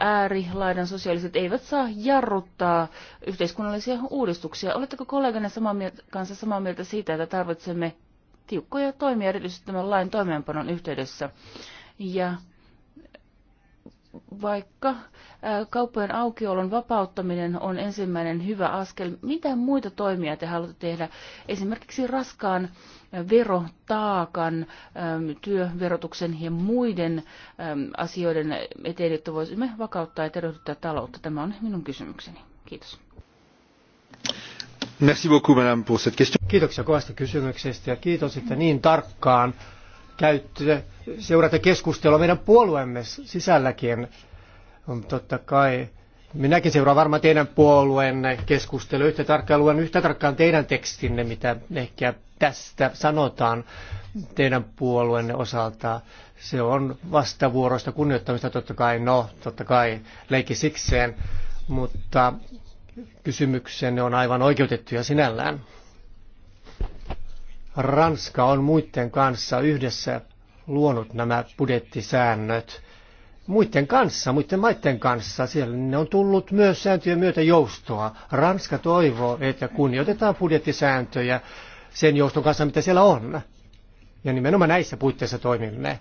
äärilaidan sosiaaliset eivät saa jarruttaa yhteiskunnallisia uudistuksia. Oletteko kolleganne samaa mieltä, kanssa samaa mieltä siitä, että tarvitsemme tiukkoja toimia erityisesti tämän lain toimeenpanon yhteydessä? Ja vaikka kauppojen aukiolon vapauttaminen on ensimmäinen hyvä askel, mitä muita toimia te haluatte tehdä? Esimerkiksi raskaan verotaakan, työverotuksen ja muiden asioiden eteen, että voisimme vakauttaa ja tervehdyttää taloutta. Tämä on minun kysymykseni. Kiitos. Merci beaucoup, madame, pour cette question. Kiitoksia kovasta kysymyksestä ja kiitos, että niin tarkkaan käyttö, seurata keskustelua meidän puolueemme sisälläkin. Totta kai minäkin seuraan varmaan teidän puolueenne keskustelua yhtä tarkkaan, luen yhtä tarkkaan teidän tekstinne, mitä ehkä tästä sanotaan teidän puolueenne osalta. Se on vastavuoroista kunnioittamista totta kai, no totta kai leikki sikseen, mutta kysymyksenne on aivan oikeutettuja sinällään. Ranska on muiden kanssa yhdessä luonut nämä budjettisäännöt. Muiden kanssa, muiden maiden kanssa, siellä ne on tullut myös sääntöjen myötä joustoa. Ranska toivoo, että kunnioitetaan budjettisääntöjä sen jouston kanssa, mitä siellä on. Ja nimenomaan näissä puitteissa toimimme.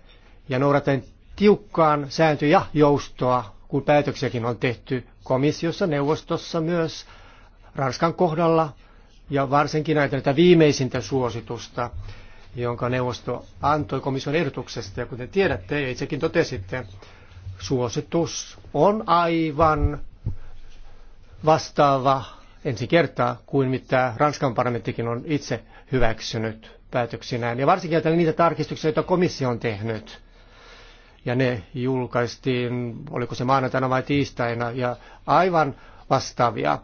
Ja noudaten tiukkaan sääntöjä joustoa, kun päätöksiäkin on tehty komissiossa, neuvostossa myös, Ranskan kohdalla ja varsinkin aikana tätä viimeisintä suositusta, jonka neuvosto antoi komission ehdotuksesta. Ja kuten tiedätte ja itsekin totesitte, suositus on aivan vastaava ensi kertaa kuin mitä Ranskan parlamenttikin on itse hyväksynyt päätöksinään. Ja varsinkin ajatellen niitä tarkistuksia, joita komissio on tehnyt. Ja ne julkaistiin, oliko se maanantaina vai tiistaina, ja aivan vastaavia.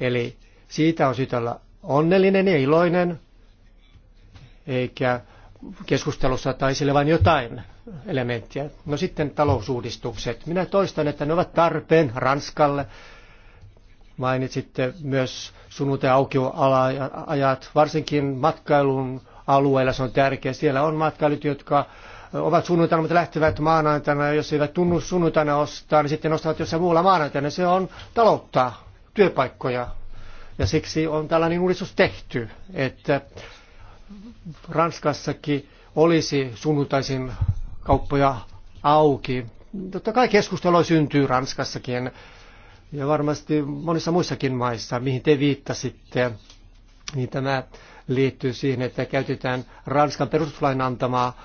Eli siitä on syytä olla onnellinen ja iloinen, eikä keskustelussa tai sille vain jotain elementtiä. No sitten talousuudistukset. Minä toistan, että ne ovat tarpeen Ranskalle. Mainitsitte myös sunnuntai aukiajat, varsinkin matkailun alueella se on tärkeä. Siellä on matkailut, jotka ovat sunnuntaina, mutta lähtevät maanantaina. Jos eivät tunnu sunnuntaina ostaa, niin sitten ostavat jossain muulla maanantaina. Se on taloutta, työpaikkoja. Ja siksi on tällainen uudistus tehty, että Ranskassakin olisi sunnuntaisin kauppoja auki. Totta kai keskustelua syntyy Ranskassakin ja varmasti monissa muissakin maissa, mihin te viittasitte, niin tämä liittyy siihen, että käytetään Ranskan perustuslain antamaa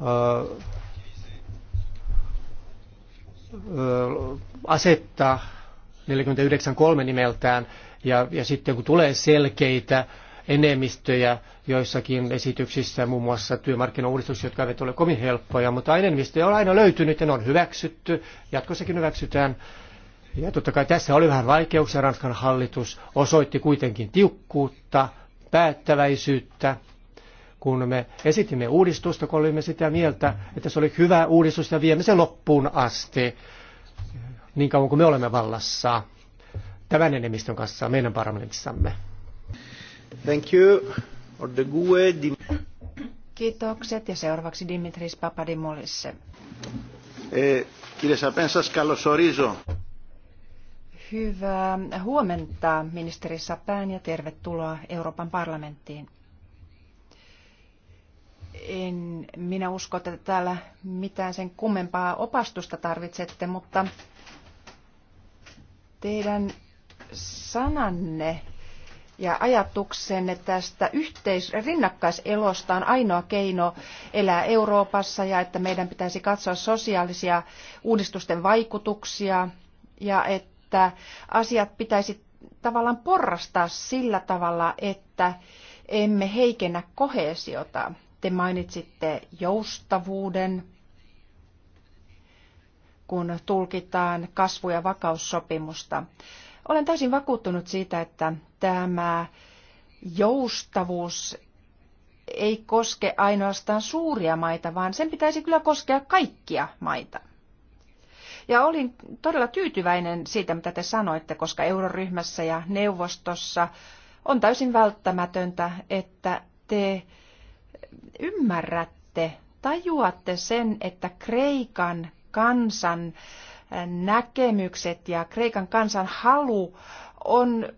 ö, ö, asetta 49.3 nimeltään, ja, ja sitten kun tulee selkeitä enemmistöjä joissakin esityksissä, muun muassa työmarkkinauudistuksia, jotka eivät ole kovin helppoja, mutta enemmistöjä on aina löytynyt ja ne on hyväksytty, jatkossakin hyväksytään. Ja totta kai tässä oli vähän vaikeuksia, Ranskan hallitus osoitti kuitenkin tiukkuutta, päättäväisyyttä, kun me esitimme uudistusta, kun olimme sitä mieltä, että se oli hyvä uudistus ja viemme sen loppuun asti, niin kauan kuin me olemme vallassa tämän enemmistön kanssa meidän parlamentissamme. Thank you. Kiitokset ja seuraavaksi Dimitris Papadimolis. Eh, Pensas Σαπέν, σας Hyvää huomenta, ministeri Sapään, ja tervetuloa Euroopan parlamenttiin. En minä usko, että täällä mitään sen kummempaa opastusta tarvitsette, mutta teidän sananne ja ajatuksenne tästä yhteis- rinnakkaiselosta on ainoa keino elää Euroopassa ja että meidän pitäisi katsoa sosiaalisia uudistusten vaikutuksia ja että asiat pitäisi tavallaan porrastaa sillä tavalla, että emme heikennä kohesiota. Te mainitsitte joustavuuden, kun tulkitaan kasvu- ja vakaussopimusta. Olen täysin vakuuttunut siitä, että tämä joustavuus ei koske ainoastaan suuria maita, vaan sen pitäisi kyllä koskea kaikkia maita. Ja olin todella tyytyväinen siitä, mitä te sanoitte, koska euroryhmässä ja neuvostossa on täysin välttämätöntä, että te ymmärrätte, tajuatte sen, että Kreikan kansan äh, näkemykset ja Kreikan kansan halu on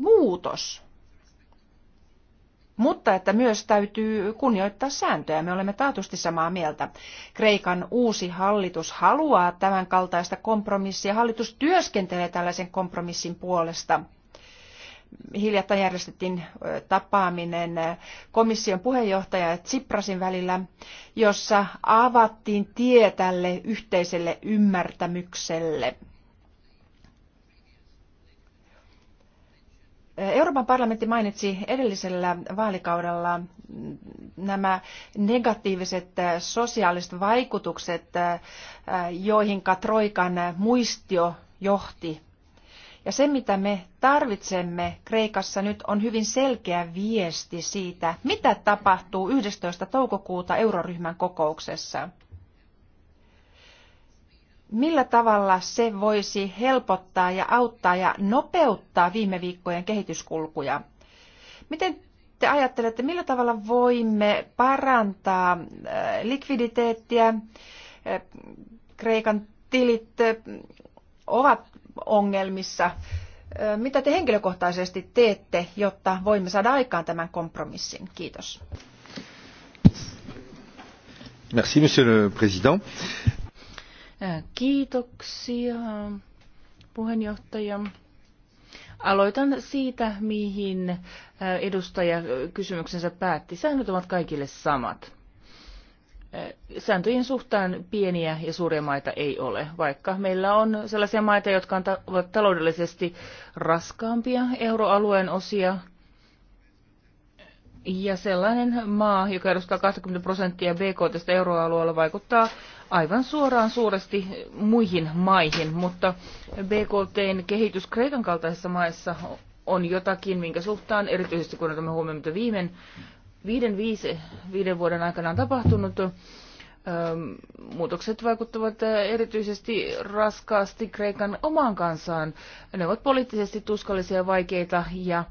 muutos. Mutta että myös täytyy kunnioittaa sääntöjä. Me olemme taatusti samaa mieltä. Kreikan uusi hallitus haluaa tämän kaltaista kompromissia. Hallitus työskentelee tällaisen kompromissin puolesta – hiljattain järjestettiin tapaaminen komission puheenjohtajan ja Tsiprasin välillä, jossa avattiin tie tälle yhteiselle ymmärtämykselle. Euroopan parlamentti mainitsi edellisellä vaalikaudella nämä negatiiviset sosiaaliset vaikutukset, joihin Troikan muistio johti ja se, mitä me tarvitsemme Kreikassa nyt, on hyvin selkeä viesti siitä, mitä tapahtuu 11. toukokuuta euroryhmän kokouksessa. Millä tavalla se voisi helpottaa ja auttaa ja nopeuttaa viime viikkojen kehityskulkuja? Miten te ajattelette, millä tavalla voimme parantaa äh, likviditeettiä? Äh, Kreikan tilit äh, ovat ongelmissa. Mitä te henkilökohtaisesti teette, jotta voimme saada aikaan tämän kompromissin? Kiitos. Merci, monsieur le président. Kiitoksia, puheenjohtaja. Aloitan siitä, mihin edustaja kysymyksensä päätti. Säännöt ovat kaikille samat sääntöjen suhtaan pieniä ja suuria maita ei ole, vaikka meillä on sellaisia maita, jotka ovat taloudellisesti raskaampia euroalueen osia. Ja sellainen maa, joka edustaa 20 prosenttia BKT euroalueella, vaikuttaa aivan suoraan suuresti muihin maihin, mutta BKTn kehitys Kreikan kaltaisissa maissa on jotakin, minkä suhtaan, erityisesti kun otamme huomioon, mitä viime viiden, viisi, viiden vuoden aikana on tapahtunut. Muutokset vaikuttavat erityisesti raskaasti Kreikan omaan kansaan. Ne ovat poliittisesti tuskallisia ja vaikeita ja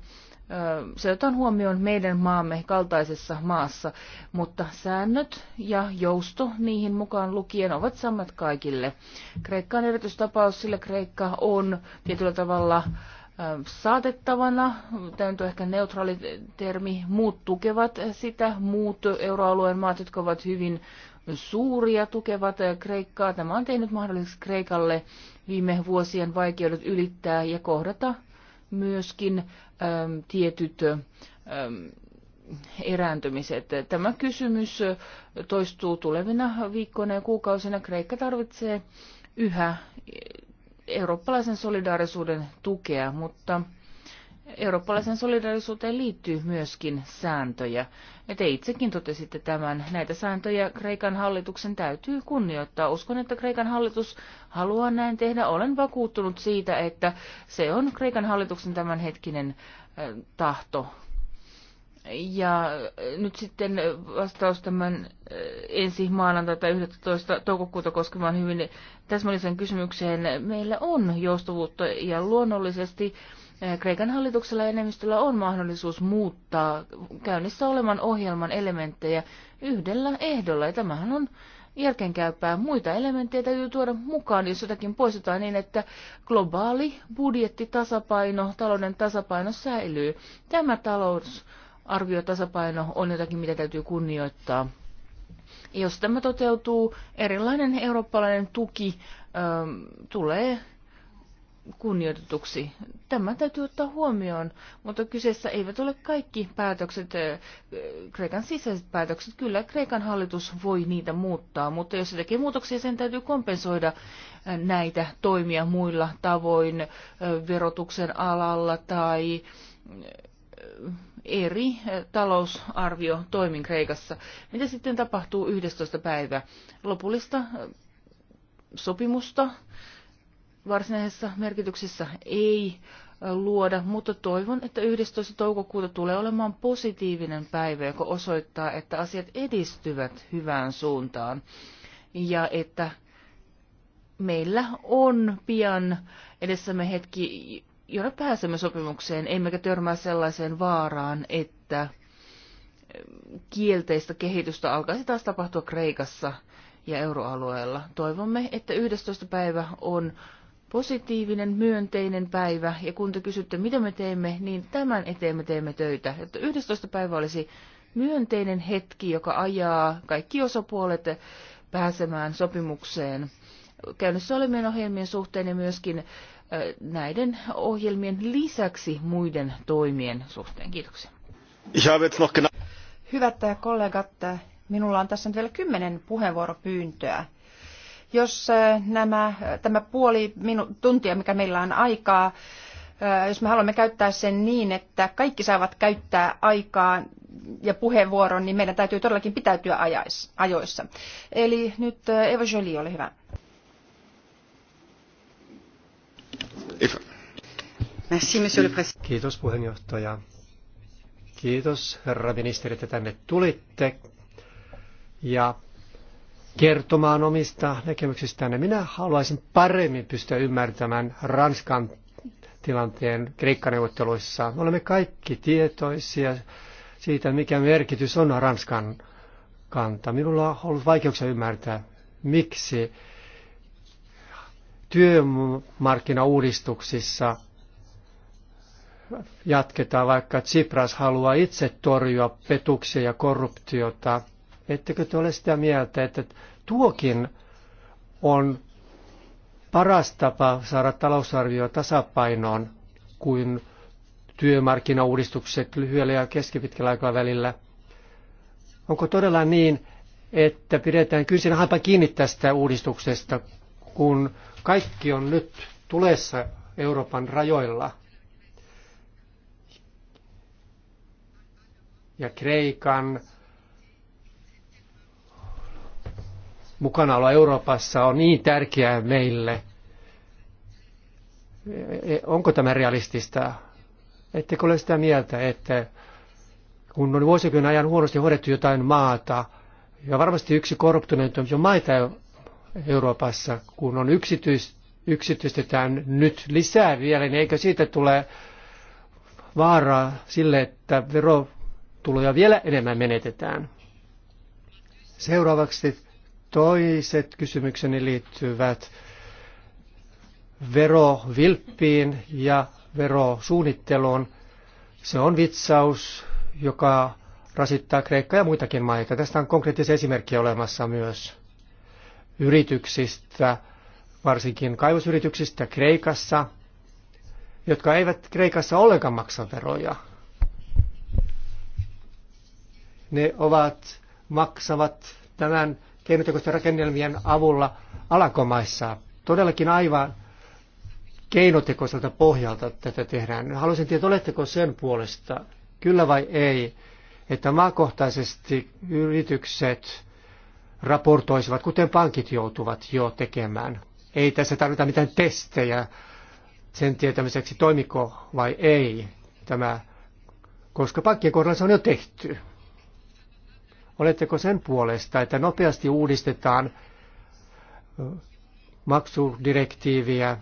se otetaan huomioon meidän maamme kaltaisessa maassa, mutta säännöt ja jousto niihin mukaan lukien ovat samat kaikille. Kreikka on erityistapaus, sillä Kreikka on tietyllä tavalla saatettavana. Tämä nyt on ehkä neutraali termi. Muut tukevat sitä. Muut euroalueen maat, jotka ovat hyvin suuria, tukevat Kreikkaa. Tämä on tehnyt mahdolliseksi Kreikalle viime vuosien vaikeudet ylittää ja kohdata myöskin äm, tietyt äm, erääntymiset. Tämä kysymys toistuu tulevina viikkoina ja kuukausina. Kreikka tarvitsee yhä eurooppalaisen solidaarisuuden tukea, mutta eurooppalaisen solidaarisuuteen liittyy myöskin sääntöjä. Ja te itsekin totesitte tämän. Näitä sääntöjä Kreikan hallituksen täytyy kunnioittaa. Uskon, että Kreikan hallitus haluaa näin tehdä. Olen vakuuttunut siitä, että se on Kreikan hallituksen tämänhetkinen eh, tahto ja nyt sitten vastaus tämän ensi tai 11. toukokuuta koskemaan hyvin täsmällisen kysymykseen. Meillä on joustavuutta ja luonnollisesti Kreikan hallituksella ja enemmistöllä on mahdollisuus muuttaa käynnissä olevan ohjelman elementtejä yhdellä ehdolla. Ja tämähän on järkenkäypää. Muita elementtejä täytyy tuoda mukaan, jos jotakin poistetaan niin, että globaali budjettitasapaino, talouden tasapaino säilyy. Tämä talous arvio tasapaino on jotakin, mitä täytyy kunnioittaa. Jos tämä toteutuu, erilainen eurooppalainen tuki ö, ähm, tulee kunnioitetuksi. Tämä täytyy ottaa huomioon, mutta kyseessä eivät ole kaikki päätökset, äh, Kreikan sisäiset päätökset. Kyllä Kreikan hallitus voi niitä muuttaa, mutta jos se tekee muutoksia, sen täytyy kompensoida äh, näitä toimia muilla tavoin äh, verotuksen alalla tai eri eh, talousarvio toimin Kreikassa. Mitä sitten tapahtuu 11. päivä? Lopullista eh, sopimusta varsinaisessa merkityksessä ei eh, luoda, mutta toivon, että 11. toukokuuta tulee olemaan positiivinen päivä, joka osoittaa, että asiat edistyvät hyvään suuntaan ja että meillä on pian edessämme hetki, jolla pääsemme sopimukseen, emmekä törmää sellaiseen vaaraan, että kielteistä kehitystä alkaisi taas tapahtua Kreikassa ja euroalueella. Toivomme, että 11. päivä on positiivinen, myönteinen päivä, ja kun te kysytte, mitä me teemme, niin tämän eteen me teemme töitä. Että 11. päivä olisi myönteinen hetki, joka ajaa kaikki osapuolet pääsemään sopimukseen. Käynnissä olemien ohjelmien suhteen ja myöskin näiden ohjelmien lisäksi muiden toimien suhteen. Kiitoksia. Hyvät kollegat, minulla on tässä nyt vielä kymmenen puheenvuoropyyntöä. Jos nämä, tämä puoli minu, tuntia, mikä meillä on aikaa, jos me haluamme käyttää sen niin, että kaikki saavat käyttää aikaa ja puheenvuoron, niin meidän täytyy todellakin pitäytyä ajoissa. Eli nyt Eva Jolie, ole hyvä. Kiitos puheenjohtaja. Kiitos herra ministeri, että tänne tulitte ja kertomaan omista näkemyksistänne. Minä haluaisin paremmin pystyä ymmärtämään Ranskan tilanteen kreikka Me olemme kaikki tietoisia siitä, mikä merkitys on Ranskan kanta. Minulla on ollut vaikeuksia ymmärtää, miksi työmarkkinauudistuksissa jatketaan, vaikka Tsipras haluaa itse torjua petuksia ja korruptiota. Ettekö te ole sitä mieltä, että tuokin on paras tapa saada talousarvio tasapainoon kuin työmarkkinauudistukset lyhyellä ja keskipitkällä aikavälillä? Onko todella niin, että pidetään kyllä siinä kiinni tästä uudistuksesta, kun kaikki on nyt tulessa Euroopan rajoilla. Ja Kreikan mukanaolo Euroopassa on niin tärkeää meille. E, e, onko tämä realistista? Ettekö ole sitä mieltä, että kun on vuosikymmenen ajan huonosti hoidettu jotain maata, ja varmasti yksi jo maita Euroopassa, kun on yksityis, yksityistetään nyt lisää vielä, niin eikö siitä tule vaaraa sille, että verotuloja vielä enemmän menetetään? Seuraavaksi toiset kysymykseni liittyvät verovilppiin ja verosuunnitteluun. Se on vitsaus, joka rasittaa Kreikkaa ja muitakin maita. Tästä on konkreettisia esimerkkejä olemassa myös yrityksistä, varsinkin kaivosyrityksistä Kreikassa, jotka eivät Kreikassa ollenkaan maksa veroja. Ne ovat, maksavat tämän keinotekoisten rakennelmien avulla alakomaissa todellakin aivan keinotekoiselta pohjalta tätä tehdään. Haluaisin tietää, oletteko sen puolesta, kyllä vai ei, että maakohtaisesti yritykset raportoisivat, kuten pankit joutuvat jo tekemään. Ei tässä tarvita mitään testejä sen tietämiseksi, toimiko vai ei tämä, koska pankkien kohdalla se on jo tehty. Oletteko sen puolesta, että nopeasti uudistetaan maksudirektiiviä,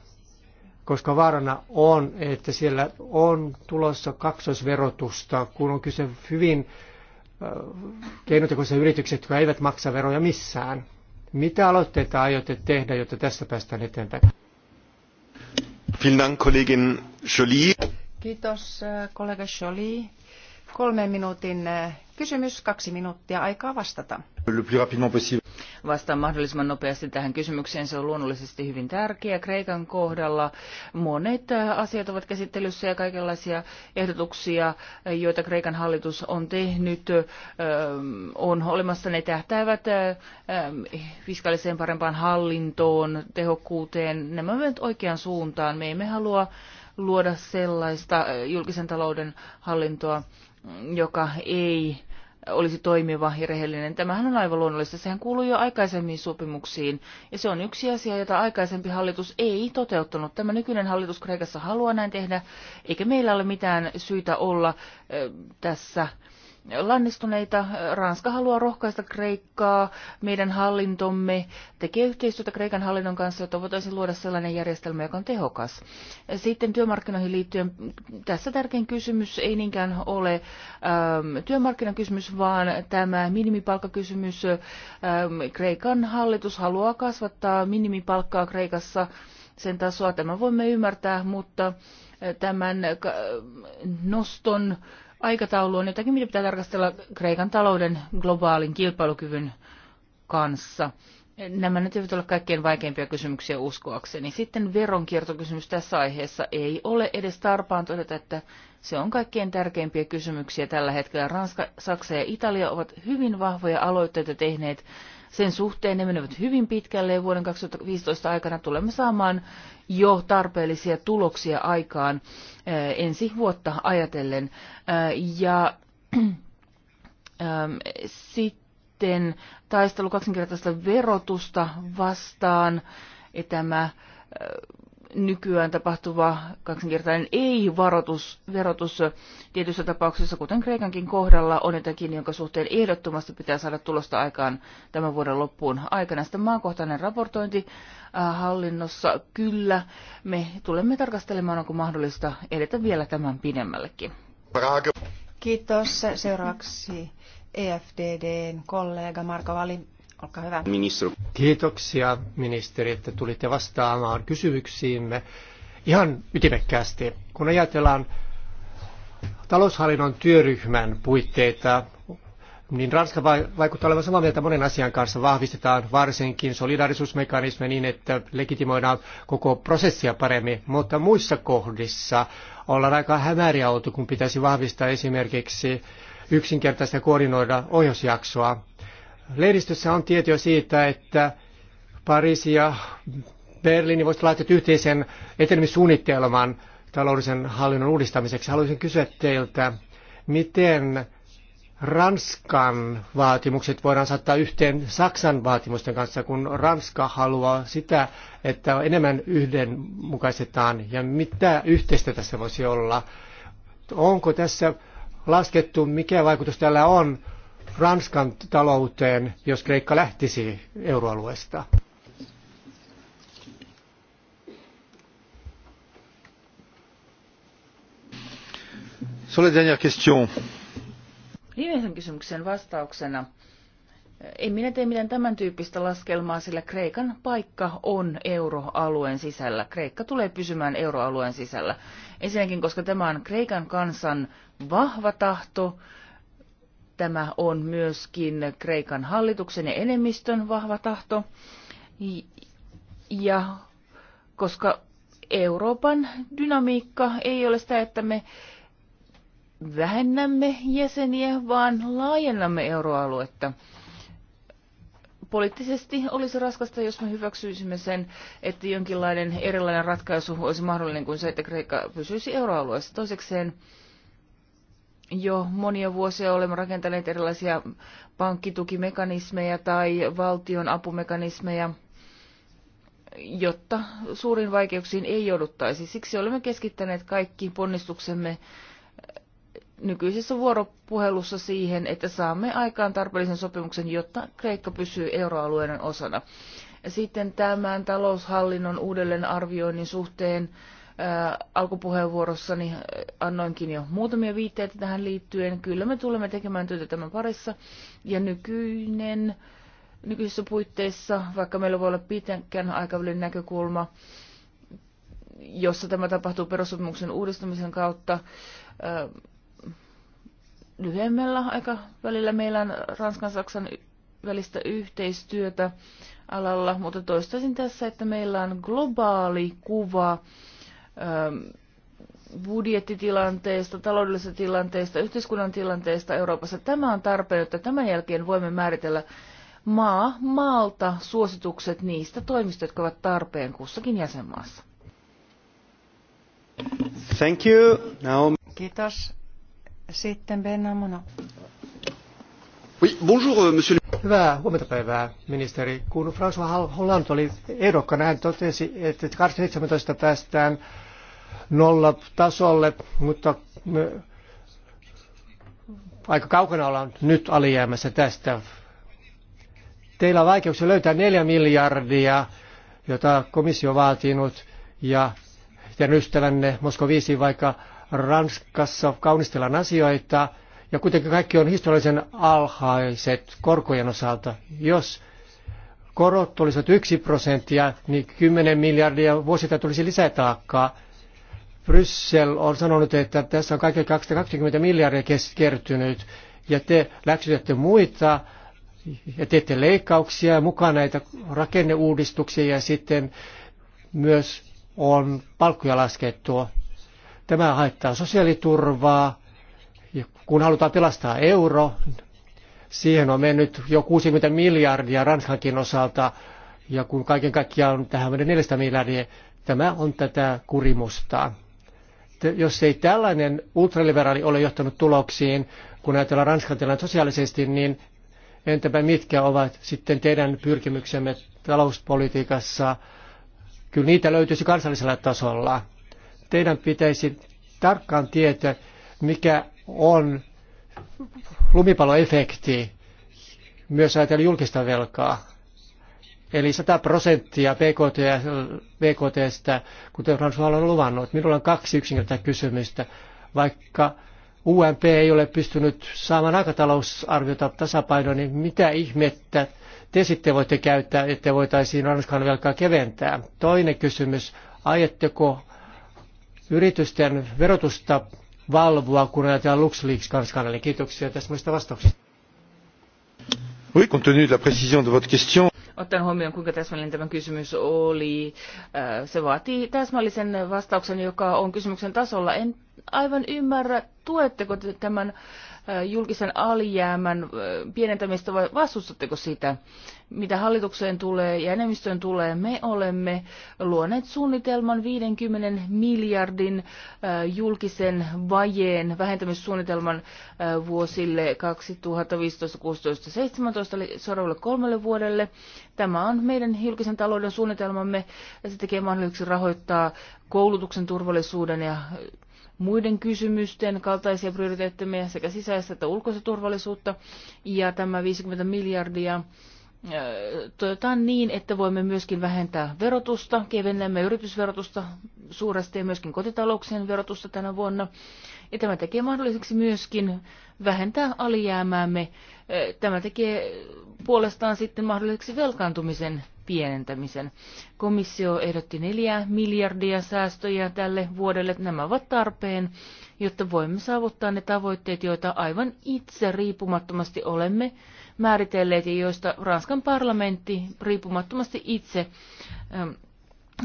koska vaarana on, että siellä on tulossa kaksosverotusta, kun on kyse hyvin keinotekoisia yrityksiä, jotka eivät maksa veroja missään. Mitä aloitteita aiotte tehdä, jotta tässä päästään eteenpäin? Kiitos kollega Jolie. Kolmen minuutin eh, kysymys, kaksi minuuttia aikaa vastata vastaan mahdollisimman nopeasti tähän kysymykseen. Se on luonnollisesti hyvin tärkeä. Kreikan kohdalla monet äh, asiat ovat käsittelyssä ja kaikenlaisia ehdotuksia, äh, joita Kreikan hallitus on tehnyt, äh, on olemassa. Ne tähtäävät fiskaaliseen parempaan hallintoon, tehokkuuteen. Nämä ovat oikeaan suuntaan. Me emme halua luoda sellaista julkisen talouden hallintoa, joka ei olisi toimiva ja rehellinen. Tämähän on aivan luonnollista. Sehän kuuluu jo aikaisemmin sopimuksiin. Ja se on yksi asia, jota aikaisempi hallitus ei toteuttanut. Tämä nykyinen hallitus Kreikassa haluaa näin tehdä, eikä meillä ole mitään syytä olla tässä äh, lannistuneita. Ranska haluaa rohkaista Kreikkaa. Meidän hallintomme tekee yhteistyötä Kreikan hallinnon kanssa, jotta voitaisiin luoda sellainen järjestelmä, joka on tehokas. Sitten työmarkkinoihin liittyen tässä tärkein kysymys ei niinkään ole äm, työmarkkinakysymys, vaan tämä minimipalkkakysymys. Äm, Kreikan hallitus haluaa kasvattaa minimipalkkaa Kreikassa sen tasoa. Tämä voimme ymmärtää, mutta äh, tämän äh, noston äh, aikataulu on jotakin, mitä pitää tarkastella Kreikan talouden globaalin kilpailukyvyn kanssa. Nämä nyt eivät ole kaikkein vaikeimpia kysymyksiä uskoakseni. Sitten veronkiertokysymys tässä aiheessa ei ole edes tarpaan todeta, että se on kaikkein tärkeimpiä kysymyksiä tällä hetkellä. Ranska, Saksa ja Italia ovat hyvin vahvoja aloitteita tehneet sen suhteen. Ne menevät hyvin pitkälle ja vuoden 2015 aikana tulemme saamaan jo tarpeellisia tuloksia aikaan eh, ensi vuotta ajatellen. Eh, ja ehm, sitten taistelu kaksinkertaista verotusta vastaan että eh, tämä nykyään tapahtuva kaksinkertainen ei varoitus verotus tietyissä tapauksissa, kuten Kreikankin kohdalla, on jotakin, jonka suhteen ehdottomasti pitää saada tulosta aikaan tämän vuoden loppuun aikana. Sitten maakohtainen raportointi äh, hallinnossa, kyllä, me tulemme tarkastelemaan, onko mahdollista edetä vielä tämän pidemmällekin. Kiitos. Seuraavaksi EFDDn kollega Marko Vali. Olkaa hyvä. Ministeri. Kiitoksia ministeri, että tulitte vastaamaan kysymyksiimme ihan ytimekkäästi. Kun ajatellaan taloushallinnon työryhmän puitteita, niin Ranska vaikuttaa olevan samaa mieltä monen asian kanssa. Vahvistetaan varsinkin solidarisuusmekanismi niin, että legitimoidaan koko prosessia paremmin, mutta muissa kohdissa ollaan aika hämäriä oltu, kun pitäisi vahvistaa esimerkiksi yksinkertaista koordinoida ohjausjaksoa. Lehdistössä on tietoja siitä, että Pariisi ja Berliini voisivat laittaa yhteisen etenemissuunnitelman taloudellisen hallinnon uudistamiseksi. Haluaisin kysyä teiltä, miten Ranskan vaatimukset voidaan saattaa yhteen Saksan vaatimusten kanssa, kun Ranska haluaa sitä, että enemmän yhdenmukaistetaan ja mitä yhteistä tässä voisi olla. Onko tässä laskettu, mikä vaikutus tällä on Ranskan talouteen, jos Kreikka lähtisi euroalueesta? Viimeisen kysymyksen vastauksena. En minä tee mitään tämän tyyppistä laskelmaa, sillä Kreikan paikka on euroalueen sisällä. Kreikka tulee pysymään euroalueen sisällä. Ensinnäkin, koska tämä on Kreikan kansan vahva tahto, Tämä on myöskin Kreikan hallituksen ja enemmistön vahva tahto. Ja koska Euroopan dynamiikka ei ole sitä, että me vähennämme jäseniä, vaan laajennamme euroaluetta. Poliittisesti olisi raskasta, jos me hyväksyisimme sen, että jonkinlainen erilainen ratkaisu olisi mahdollinen kuin se, että Kreikka pysyisi euroalueessa. Toisekseen jo monia vuosia olemme rakentaneet erilaisia pankkitukimekanismeja tai valtion apumekanismeja, jotta suuriin vaikeuksiin ei jouduttaisi. Siksi olemme keskittäneet kaikki ponnistuksemme nykyisessä vuoropuhelussa siihen, että saamme aikaan tarpeellisen sopimuksen, jotta Kreikka pysyy euroalueen osana. Sitten tämän taloushallinnon uudelleenarvioinnin suhteen alkupuheenvuorossani annoinkin jo muutamia viitteitä tähän liittyen. Kyllä me tulemme tekemään työtä tämän parissa ja nykyinen, nykyisissä puitteissa, vaikka meillä voi olla pitkän aikavälin näkökulma, jossa tämä tapahtuu perussopimuksen uudistamisen kautta, lyhyemmällä aikavälillä meillä on Ranskan-Saksan välistä yhteistyötä alalla, mutta toistaisin tässä, että meillä on globaali kuva Ähm, budjettitilanteesta, taloudellisesta tilanteesta, yhteiskunnan tilanteesta Euroopassa. Tämä on tarpeen, että tämän jälkeen voimme määritellä maa maalta suositukset niistä toimista, jotka ovat tarpeen kussakin jäsenmaassa. Thank you. Now... Kiitos. Sitten Benna Mono. Oui, bonjour, euh, monsieur. Hyvää huomenta päivää, ministeri. Kun François Hollande oli ehdokkana, hän totesi, että 2017 päästään nolla tasolle, mutta me mm, aika kaukana ollaan nyt alijäämässä tästä. Teillä on vaikeuksia löytää neljä miljardia, jota komissio on vaatinut, ja teidän ystävänne Moskoviisi vaikka Ranskassa kaunistellaan asioita – ja kuitenkin kaikki on historiallisen alhaiset korkojen osalta. Jos korot olisivat yksi prosenttia, niin 10 miljardia vuosittain tulisi lisätaakkaa. Bryssel on sanonut, että tässä on kaikki 220 miljardia kertynyt, ja te läksytätte muita, ja teette leikkauksia ja mukaan näitä rakenneuudistuksia, ja sitten myös on palkkuja laskettua. Tämä haittaa sosiaaliturvaa, kun halutaan pelastaa euro, siihen on mennyt jo 60 miljardia Ranskankin osalta, ja kun kaiken kaikkiaan on tähän mennyt 400 miljardia, tämä on tätä kurimusta. Jos ei tällainen ultraliberaali ole johtanut tuloksiin, kun ajatellaan Ranskan tilanne sosiaalisesti, niin entäpä mitkä ovat sitten teidän pyrkimyksemme talouspolitiikassa? Kyllä niitä löytyisi kansallisella tasolla. Teidän pitäisi tarkkaan tietää, mikä on lumipaloefekti myös ajatellen julkista velkaa. Eli 100 prosenttia BKT, BKTstä, kuten François on luvannut. Minulla on kaksi yksinkertaista kysymystä. Vaikka UMP ei ole pystynyt saamaan aikatalousarviota tasapainoon, niin mitä ihmettä te sitten voitte käyttää, että voitaisiin Ranskan velkaa keventää? Toinen kysymys, aiotteko yritysten verotusta valvoa, kun rajataan LuxLeaks-skandaalia. Kiitoksia tästä muista vastauksista. Oui, compte tenu de la précision de votre question. Ottaen huomioon, kuinka täsmällinen tämä kysymys oli, äh, se vaatii täsmällisen vastauksen, joka on kysymyksen tasolla. En aivan ymmärrä, tuetteko tämän julkisen alijäämän pienentämistä vai vastustatteko sitä? Mitä hallitukseen tulee ja enemmistöön tulee, me olemme luoneet suunnitelman 50 miljardin julkisen vajeen vähentämissuunnitelman vuosille 2015, 16, 17, eli seuraavalle kolmelle vuodelle. Tämä on meidän julkisen talouden suunnitelmamme ja se tekee mahdolliseksi rahoittaa koulutuksen turvallisuuden ja muiden kysymysten kaltaisia prioriteetteja sekä sisäistä että ulkoista turvallisuutta. Ja tämä 50 miljardia äh, toivotaan niin, että voimme myöskin vähentää verotusta, kevennämme yritysverotusta suuresti ja myöskin kotitalouksien verotusta tänä vuonna. Ja tämä tekee mahdolliseksi myöskin vähentää alijäämäämme. Äh, tämä tekee puolestaan sitten mahdolliseksi velkaantumisen pienentämisen. Komissio ehdotti 4 miljardia säästöjä tälle vuodelle. Nämä ovat tarpeen, jotta voimme saavuttaa ne tavoitteet, joita aivan itse riippumattomasti olemme määritelleet ja joista Ranskan parlamentti riippumattomasti itse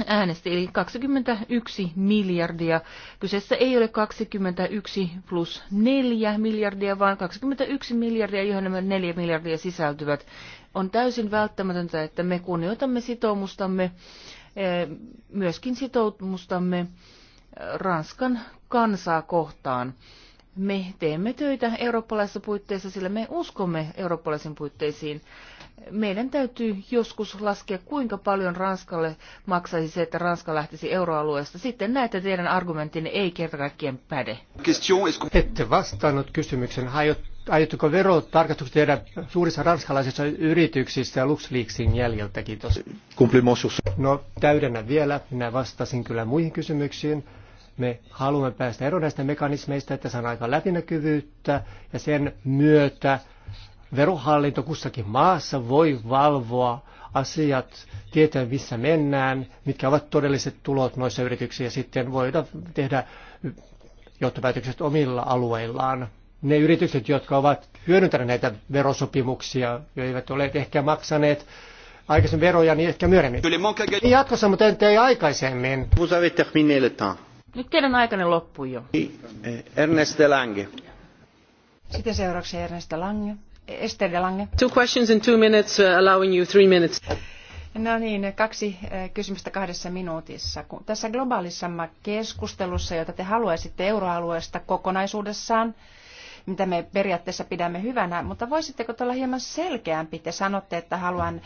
äänesti, eli 21 miljardia. Kyseessä ei ole 21 plus 4 miljardia, vaan 21 miljardia, johon nämä 4 miljardia sisältyvät. On täysin välttämätöntä, että me kunnioitamme sitoumustamme, eh, myöskin sitoumustamme eh, Ranskan kansaa kohtaan. Me teemme töitä eurooppalaisissa puitteissa, sillä me uskomme eurooppalaisiin puitteisiin meidän täytyy joskus laskea, kuinka paljon Ranskalle maksaisi se, että Ranska lähtisi euroalueesta. Sitten näette teidän argumentin ei kerta kaikkien päde. Ette vastannut kysymyksen. Aiotteko verotarkastukset tehdä suurissa ranskalaisissa yrityksissä ja LuxLeaksin jäljiltä? Kiitos. No täydennä vielä. Minä vastasin kyllä muihin kysymyksiin. Me haluamme päästä eroon näistä mekanismeista, että saadaan aika läpinäkyvyyttä ja sen myötä – verohallinto kussakin maassa voi valvoa asiat, tietää missä mennään, mitkä ovat todelliset tulot noissa yrityksissä ja sitten voida tehdä johtopäätökset omilla alueillaan. Ne yritykset, jotka ovat hyödyntäneet näitä verosopimuksia joita eivät ole ehkä maksaneet aikaisemmin veroja, niin ehkä myöhemmin. Niin jatkossa, mutta en tee aikaisemmin. Vous avez terminé le temps. Nyt teidän aikanne loppui jo. Ernest Lange. Sitten seuraavaksi Ernest Lange. Two questions in two minutes, uh, allowing you three minutes. No niin, kaksi uh, kysymystä kahdessa minuutissa. Tässä globaalissa keskustelussa, jota te haluaisitte euroalueesta kokonaisuudessaan, mitä me periaatteessa pidämme hyvänä, mutta voisitteko olla hieman selkeämpi? Te sanotte, että haluan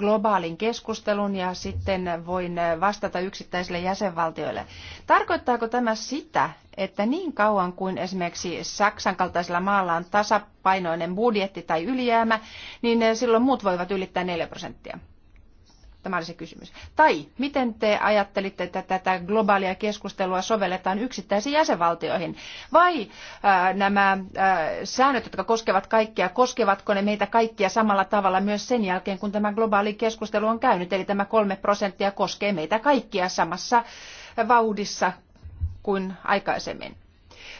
globaalin keskustelun ja sitten voin vastata yksittäisille jäsenvaltioille. Tarkoittaako tämä sitä, että niin kauan kuin esimerkiksi Saksan kaltaisella maalla on tasapainoinen budjetti tai ylijäämä, niin silloin muut voivat ylittää 4 prosenttia? Tämä oli se kysymys. Tai miten te ajattelitte, että tätä globaalia keskustelua sovelletaan yksittäisiin jäsenvaltioihin? Vai ää, äh, nämä ää, äh, säännöt, jotka koskevat kaikkia, koskevatko ne meitä kaikkia samalla tavalla myös sen jälkeen, kun tämä globaali keskustelu on käynyt? Eli tämä kolme prosenttia koskee meitä kaikkia samassa vauhdissa kuin aikaisemmin.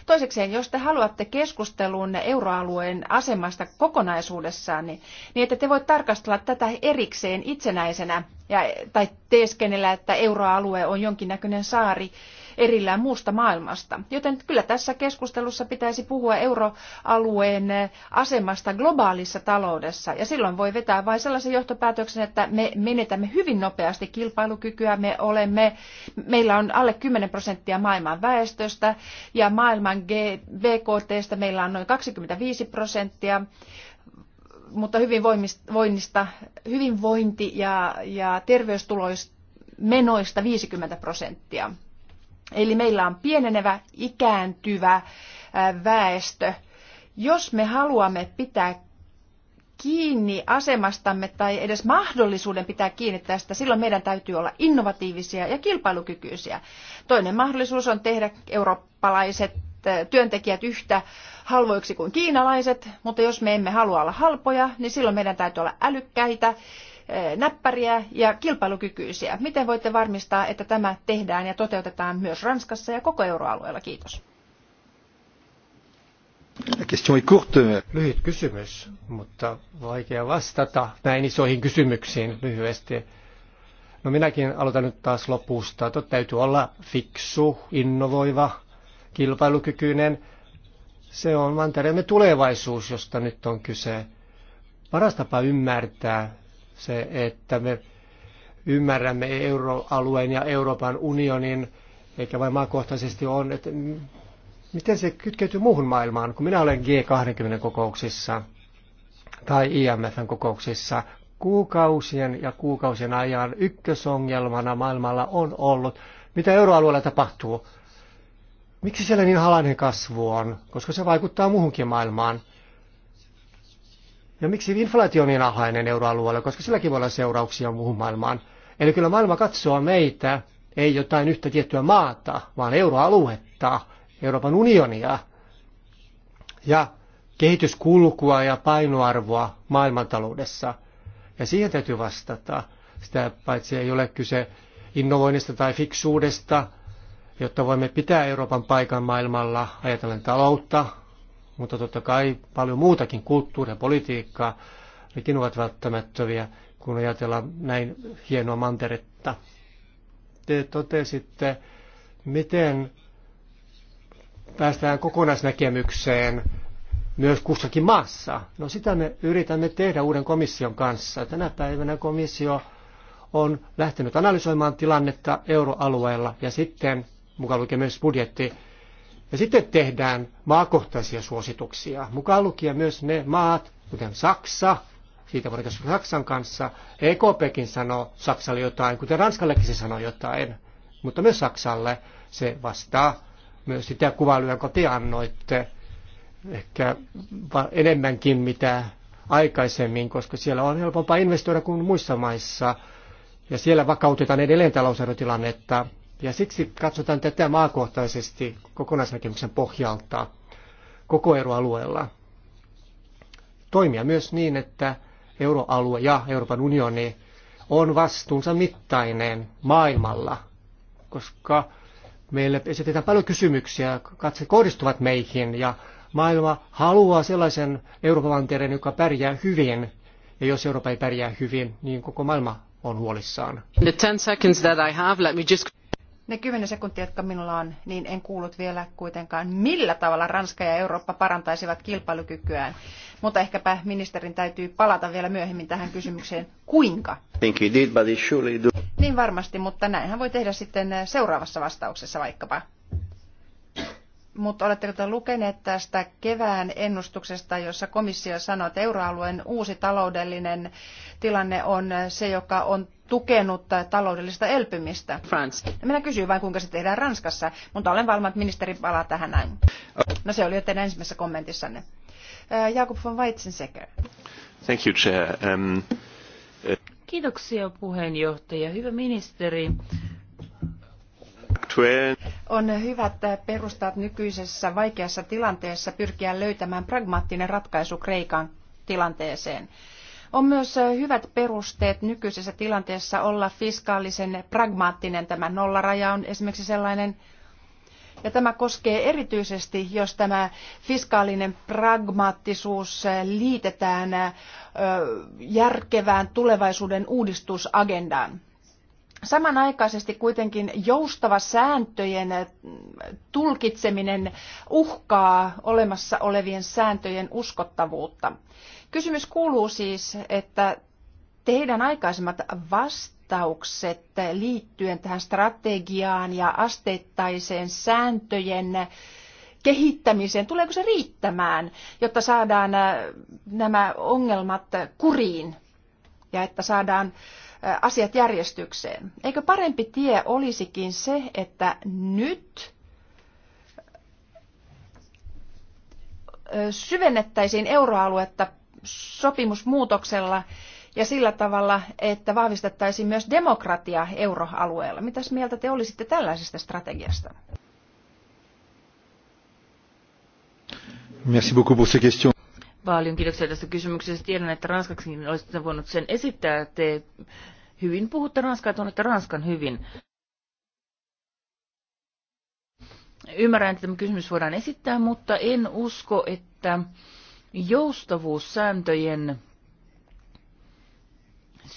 Toisekseen, jos te haluatte keskustelun euroalueen asemasta kokonaisuudessaan, niin, niin että te voi tarkastella tätä erikseen itsenäisenä ja, tai teeskennellä, että euroalue on jonkinnäköinen saari, erillään muusta maailmasta. Joten kyllä tässä keskustelussa pitäisi puhua euroalueen asemasta globaalissa taloudessa. Ja silloin voi vetää vain sellaisen johtopäätöksen, että me menetämme hyvin nopeasti kilpailukykyä. Me olemme, meillä on alle 10 prosenttia maailman väestöstä ja maailman BKTstä meillä on noin 25 prosenttia mutta hyvinvoinnista, hyvinvointi ja, ja terveystuloista menoista 50 prosenttia. Eli meillä on pienenevä, ikääntyvä väestö. Jos me haluamme pitää kiinni asemastamme tai edes mahdollisuuden pitää kiinni tästä, silloin meidän täytyy olla innovatiivisia ja kilpailukykyisiä. Toinen mahdollisuus on tehdä eurooppalaiset työntekijät yhtä halvoiksi kuin kiinalaiset, mutta jos me emme halua olla halpoja, niin silloin meidän täytyy olla älykkäitä Eh, näppäriä ja kilpailukykyisiä. Miten voitte varmistaa, että tämä tehdään ja toteutetaan myös Ranskassa ja koko euroalueella? Kiitos. Lyhyt kysymys, mutta vaikea vastata näin isoihin kysymyksiin lyhyesti. No minäkin aloitan nyt taas lopusta. Tot täytyy olla fiksu, innovoiva, kilpailukykyinen. Se on mantereemme tulevaisuus, josta nyt on kyse. Paras tapa ymmärtää, se, että me ymmärrämme euroalueen ja Euroopan unionin, eikä vain maakohtaisesti on, että miten se kytkeytyy muuhun maailmaan, kun minä olen G20-kokouksissa tai imf kokouksissa kuukausien ja kuukausien ajan ykkösongelmana maailmalla on ollut, mitä euroalueella tapahtuu. Miksi siellä niin halainen kasvu on? Koska se vaikuttaa muuhunkin maailmaan – No miksi inflaatio on niin alhainen euroalueella, koska silläkin voi olla seurauksia muuhun maailmaan. Eli kyllä maailma katsoo meitä, ei jotain yhtä tiettyä maata, vaan euroaluetta, Euroopan unionia ja kehityskulkua ja painoarvoa maailmantaloudessa. Ja siihen täytyy vastata. Sitä paitsi ei ole kyse innovoinnista tai fiksuudesta, jotta voimme pitää Euroopan paikan maailmalla, ajatellen taloutta, mutta totta kai paljon muutakin, kulttuuria ja politiikkaa, nekin ovat välttämättömiä, kun ajatellaan näin hienoa manteretta. Te totesitte, miten päästään kokonaisnäkemykseen myös kussakin maassa. No sitä me yritämme tehdä uuden komission kanssa. Tänä päivänä komissio on lähtenyt analysoimaan tilannetta euroalueella ja sitten mukaan lukee myös budjetti ja sitten tehdään maakohtaisia suosituksia, mukaan lukien myös ne maat, kuten Saksa, siitä voidaan keskustella Saksan kanssa. EKPkin sanoo Saksalle jotain, kuten Ranskallekin se sanoo jotain, mutta myös Saksalle se vastaa myös sitä kuvailua, jonka te annoitte, ehkä enemmänkin mitä aikaisemmin, koska siellä on helpompaa investoida kuin muissa maissa. Ja siellä vakautetaan edelleen talousarvotilannetta, ja siksi katsotaan tätä maakohtaisesti kokonaisnäkemyksen pohjalta koko euroalueella. Toimia myös niin, että euroalue ja Euroopan unioni on vastuunsa mittainen maailmalla, koska meille esitetään paljon kysymyksiä, katse kohdistuvat meihin ja maailma haluaa sellaisen Euroopan mantereen, joka pärjää hyvin. Ja jos Eurooppa ei pärjää hyvin, niin koko maailma on huolissaan. In the 10 seconds that I have, let me just... Ne kymmenen sekuntia, jotka minulla on, niin en kuullut vielä kuitenkaan, millä tavalla Ranska ja Eurooppa parantaisivat kilpailukykyään. Mutta ehkäpä ministerin täytyy palata vielä myöhemmin tähän kysymykseen, kuinka? Did, niin varmasti, mutta näinhän voi tehdä sitten äh, seuraavassa vastauksessa vaikkapa. Mutta oletteko te lukeneet tästä kevään ennustuksesta, jossa komissio sanoo, että euroalueen uusi taloudellinen tilanne on äh, se, joka on tukenut taloudellista elpymistä. France. Minä kysyin vain, kuinka se tehdään Ranskassa, mutta olen valma, että ministeri palaa tähän näin. No se oli jo teidän ensimmäisessä kommentissanne. Äh, Jakob von Weizsäcker. Thank you, Chair. Um, uh... Kiitoksia puheenjohtaja. Hyvä ministeri. On hyvä, että perustat nykyisessä vaikeassa tilanteessa pyrkiä löytämään pragmaattinen ratkaisu Kreikan tilanteeseen. On myös hyvät perusteet nykyisessä tilanteessa olla fiskaalisen pragmaattinen. Tämä nollaraja on esimerkiksi sellainen, ja tämä koskee erityisesti, jos tämä fiskaalinen pragmaattisuus liitetään järkevään tulevaisuuden uudistusagendaan. Samanaikaisesti kuitenkin joustava sääntöjen tulkitseminen uhkaa olemassa olevien sääntöjen uskottavuutta. Kysymys kuuluu siis, että teidän aikaisemmat vastaukset liittyen tähän strategiaan ja asteittaiseen sääntöjen kehittämiseen, tuleeko se riittämään, jotta saadaan äh, nämä ongelmat kuriin ja että saadaan äh, asiat järjestykseen. Eikö parempi tie olisikin se, että nyt äh, syvennettäisiin euroaluetta sopimusmuutoksella ja sillä tavalla, että vahvistettaisiin myös demokratia euroalueella. Mitäs mieltä te olisitte tällaisesta strategiasta? Merci beaucoup pour ces questions. Paljon kiitoksia tästä kysymyksestä. Tiedän, että ranskaksikin olisitte voinut sen esittää. Te hyvin puhutte ranskaa, tunnette ranskan hyvin. Ymmärrän, että tämä kysymys voidaan esittää, mutta en usko, että joustavuussääntöjen sääntöjen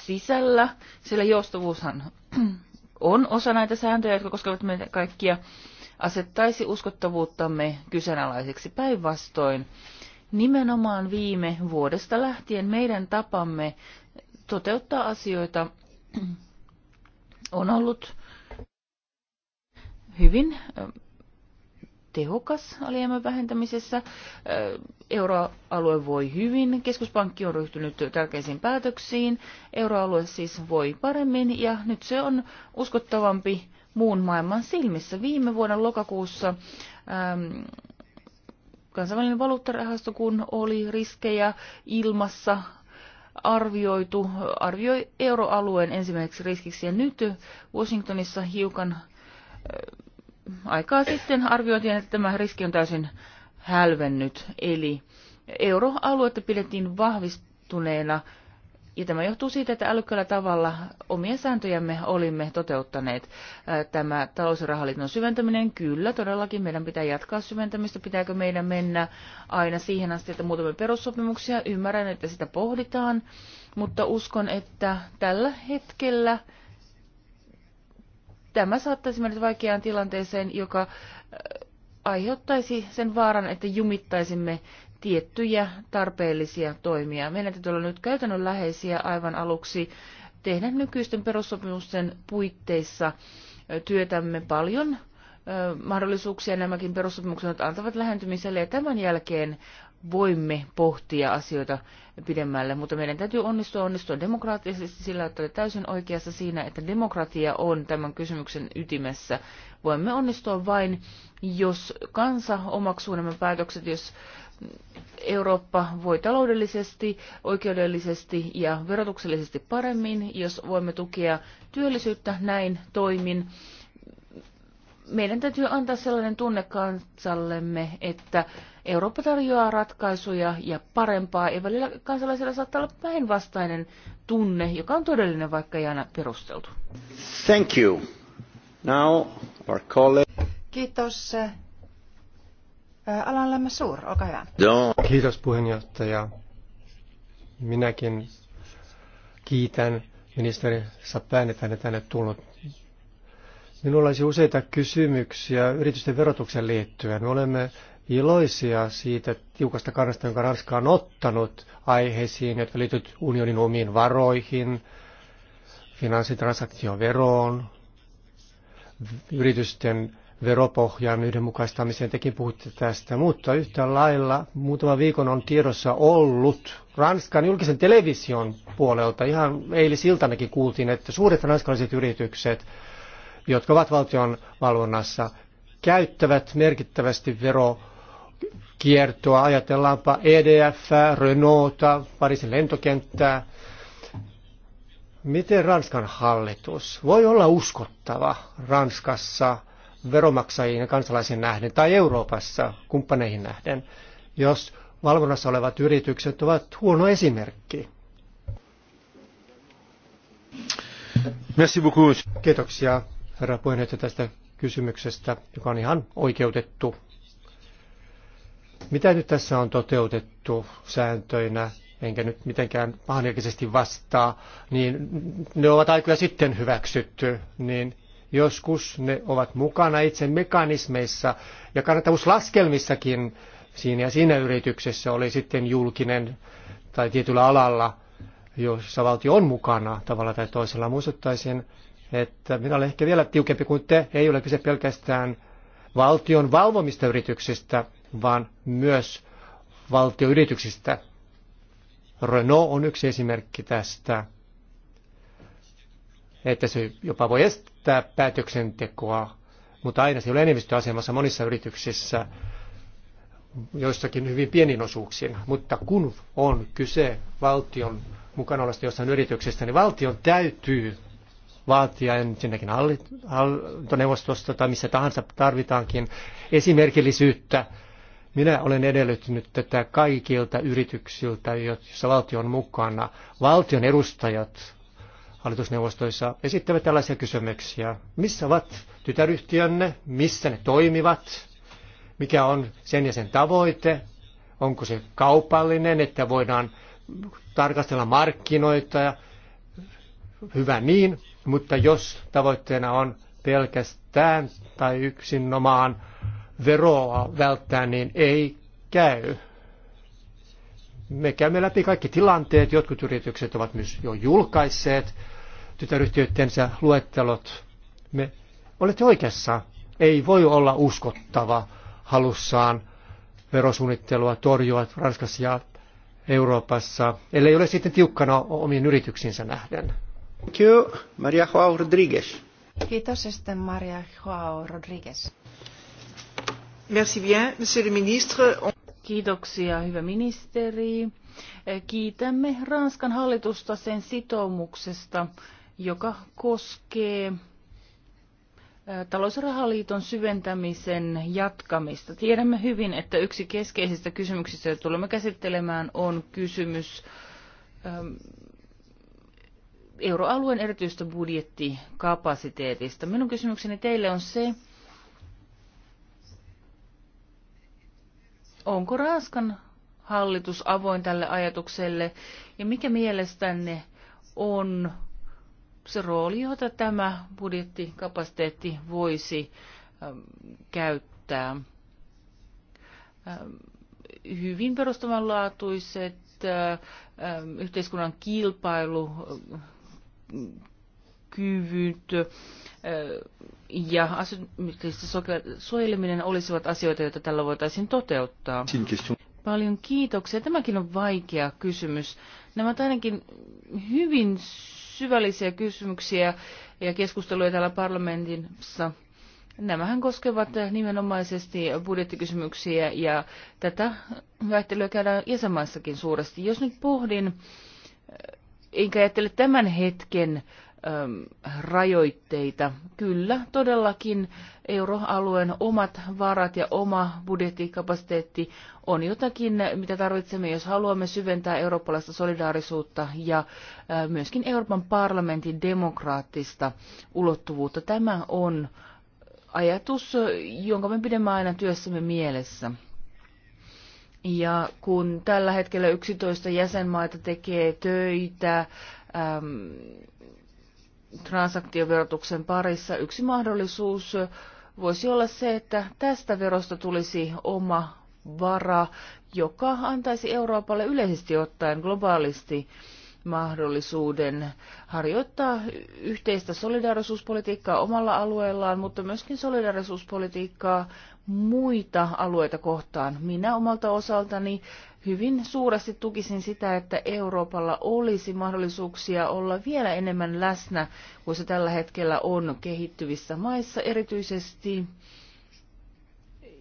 sisällä, sillä joustavuushan on osa näitä sääntöjä, jotka koskevat meitä kaikkia, asettaisi uskottavuuttamme kyseenalaiseksi päinvastoin. Nimenomaan viime vuodesta lähtien meidän tapamme toteuttaa asioita on ollut hyvin tehokas alijäämän vähentämisessä. Euroalue voi hyvin, keskuspankki on ryhtynyt tärkeisiin päätöksiin, euroalue siis voi paremmin ja nyt se on uskottavampi muun maailman silmissä. Viime vuoden lokakuussa äm, kansainvälinen valuuttarahasto, kun oli riskejä ilmassa arvioitu, arvioi euroalueen ensimmäiseksi riskiksi ja nyt Washingtonissa hiukan äh, aikaa sitten arvioitiin, että tämä riski on täysin hälvennyt. Eli euroaluetta pidettiin vahvistuneena ja tämä johtuu siitä, että älykkäällä tavalla omia sääntöjämme olimme toteuttaneet. Tämä talous- ja syventäminen, kyllä, todellakin meidän pitää jatkaa syventämistä. Pitääkö meidän mennä aina siihen asti, että muutamme perussopimuksia? Ymmärrän, että sitä pohditaan, mutta uskon, että tällä hetkellä – Tämä saattaisi mennä vaikeaan tilanteeseen, joka äh, aiheuttaisi sen vaaran, että jumittaisimme tiettyjä tarpeellisia toimia. Meidän täytyy olla nyt käytännönläheisiä aivan aluksi tehdä nykyisten perussopimusten puitteissa äh, työtämme paljon äh, mahdollisuuksia nämäkin perussopimukset antavat lähentymiselle ja tämän jälkeen voimme pohtia asioita pidemmälle, mutta meidän täytyy onnistua onnistua demokraattisesti sillä, että olet täysin oikeassa siinä, että demokratia on tämän kysymyksen ytimessä. Voimme onnistua vain, jos kansa omaksuu nämä päätökset, jos Eurooppa voi taloudellisesti, oikeudellisesti ja verotuksellisesti paremmin, jos voimme tukea työllisyyttä näin toimin, meidän täytyy antaa sellainen tunne kansallemme, että Eurooppa tarjoaa ratkaisuja ja parempaa, ja välillä kansalaisilla saattaa olla päinvastainen tunne, joka on todellinen, vaikka ei aina perusteltu. Thank you. Now our colleague. Kiitos. Äh, Alan Lämmä Suur, olkaa hyvä. No. Kiitos puheenjohtaja. Minäkin kiitän ministeri Sapään, että tänne tullut Minulla olisi useita kysymyksiä yritysten verotuksen liittyen. Me olemme iloisia siitä tiukasta kannasta, jonka Ranska on ottanut aiheisiin, jotka liittyvät unionin omiin varoihin, finanssitransaktioveroon, yritysten veropohjan yhdenmukaistamiseen, tekin puhutte tästä, mutta yhtä lailla muutama viikon on tiedossa ollut Ranskan julkisen television puolelta, ihan eilisiltanakin kuultiin, että suuret ranskalaiset yritykset jotka ovat valtion valvonnassa, käyttävät merkittävästi verokiertoa. Ajatellaanpa EDF, Renaulta, Pariisin lentokenttää. Miten Ranskan hallitus voi olla uskottava Ranskassa veromaksajiin ja kansalaisiin nähden tai Euroopassa kumppaneihin nähden, jos valvonnassa olevat yritykset ovat huono esimerkki? Merci beaucoup. Kiitoksia herra puheenjohtaja, tästä kysymyksestä, joka on ihan oikeutettu. Mitä nyt tässä on toteutettu sääntöinä, enkä nyt mitenkään pahanjälkisesti vastaa, niin ne ovat aikoja sitten hyväksytty, niin joskus ne ovat mukana itse mekanismeissa ja kannattavuuslaskelmissakin siinä ja siinä yrityksessä oli sitten julkinen tai tietyllä alalla, jossa valtio on mukana tavalla tai toisella. Muistuttaisin että minä olen ehkä vielä tiukempi kuin te. Ei ole kyse pelkästään valtion valvomista yrityksistä, vaan myös valtioyrityksistä. Renault on yksi esimerkki tästä, että se jopa voi estää päätöksentekoa, mutta aina se ei ole enemmistöasemassa monissa yrityksissä, joissakin hyvin pienin osuuksiin. Mutta kun on kyse valtion mukana olesta jossain yrityksestä, niin valtion täytyy vaatia ensinnäkin hallintoneuvostosta tai missä tahansa tarvitaankin esimerkillisyyttä. Minä olen edellyttänyt tätä kaikilta yrityksiltä, joissa valtio on mukana. Valtion edustajat hallitusneuvostoissa esittävät tällaisia kysymyksiä. Missä ovat tytäryhtiönne? Missä ne toimivat? Mikä on sen ja sen tavoite? Onko se kaupallinen, että voidaan tarkastella markkinoita ja hyvä niin, mutta jos tavoitteena on pelkästään tai yksinomaan veroa välttää, niin ei käy. Me käymme läpi kaikki tilanteet, jotkut yritykset ovat myös jo julkaisseet tytäryhtiöidensä luettelot. Me olette oikeassa, ei voi olla uskottava halussaan verosuunnittelua torjua Ranskassa ja Euroopassa, ellei ole sitten tiukkana omiin yrityksinsä nähden. Thank you, Maria Joao Rodriguez. Kiitos sitten Maria Joao Rodriguez. Merci bien, monsieur le ministre. Kiitoksia, hyvä ministeri. Kiitämme Ranskan hallitusta sen sitoumuksesta, joka koskee talousrahaliiton syventämisen jatkamista. Tiedämme hyvin, että yksi keskeisistä kysymyksistä, joita tulemme käsittelemään, on kysymys euroalueen erityistä budjettikapasiteetista. Minun kysymykseni teille on se, onko Ranskan hallitus avoin tälle ajatukselle ja mikä mielestänne on se rooli, jota tämä budjettikapasiteetti voisi ähm, käyttää. Ähm, hyvin perustavanlaatuiset äh, ähm, yhteiskunnan kilpailu, äh, kyvyt ja asymmetristä suojeleminen olisivat asioita, joita tällä voitaisiin toteuttaa. Paljon kiitoksia. Tämäkin on vaikea kysymys. Nämä ovat ainakin hyvin syvällisiä kysymyksiä ja keskusteluja täällä parlamentissa. Nämähän koskevat nimenomaisesti budjettikysymyksiä ja tätä väittelyä käydään jäsenmaissakin suuresti. Jos nyt pohdin enkä ajattele tämän hetken ähm, rajoitteita. Kyllä, todellakin euroalueen omat varat ja oma budjettikapasiteetti on jotakin, mitä tarvitsemme, jos haluamme syventää eurooppalaista solidaarisuutta ja äh, myöskin Euroopan parlamentin demokraattista ulottuvuutta. Tämä on ajatus, jonka me pidämme aina työssämme mielessä. Ja kun tällä hetkellä 11 jäsenmaita tekee töitä äm, transaktioverotuksen parissa, yksi mahdollisuus voisi olla se, että tästä verosta tulisi oma vara, joka antaisi Euroopalle yleisesti ottaen globaalisti äh, mahdollisuuden harjoittaa yhteistä solidaarisuuspolitiikkaa omalla alueellaan, mutta myöskin solidarisuuspolitiikkaa muita alueita kohtaan. Minä omalta osaltani hyvin suuresti tukisin sitä, että Euroopalla olisi mahdollisuuksia olla vielä enemmän läsnä kuin se tällä hetkellä on kehittyvissä maissa, erityisesti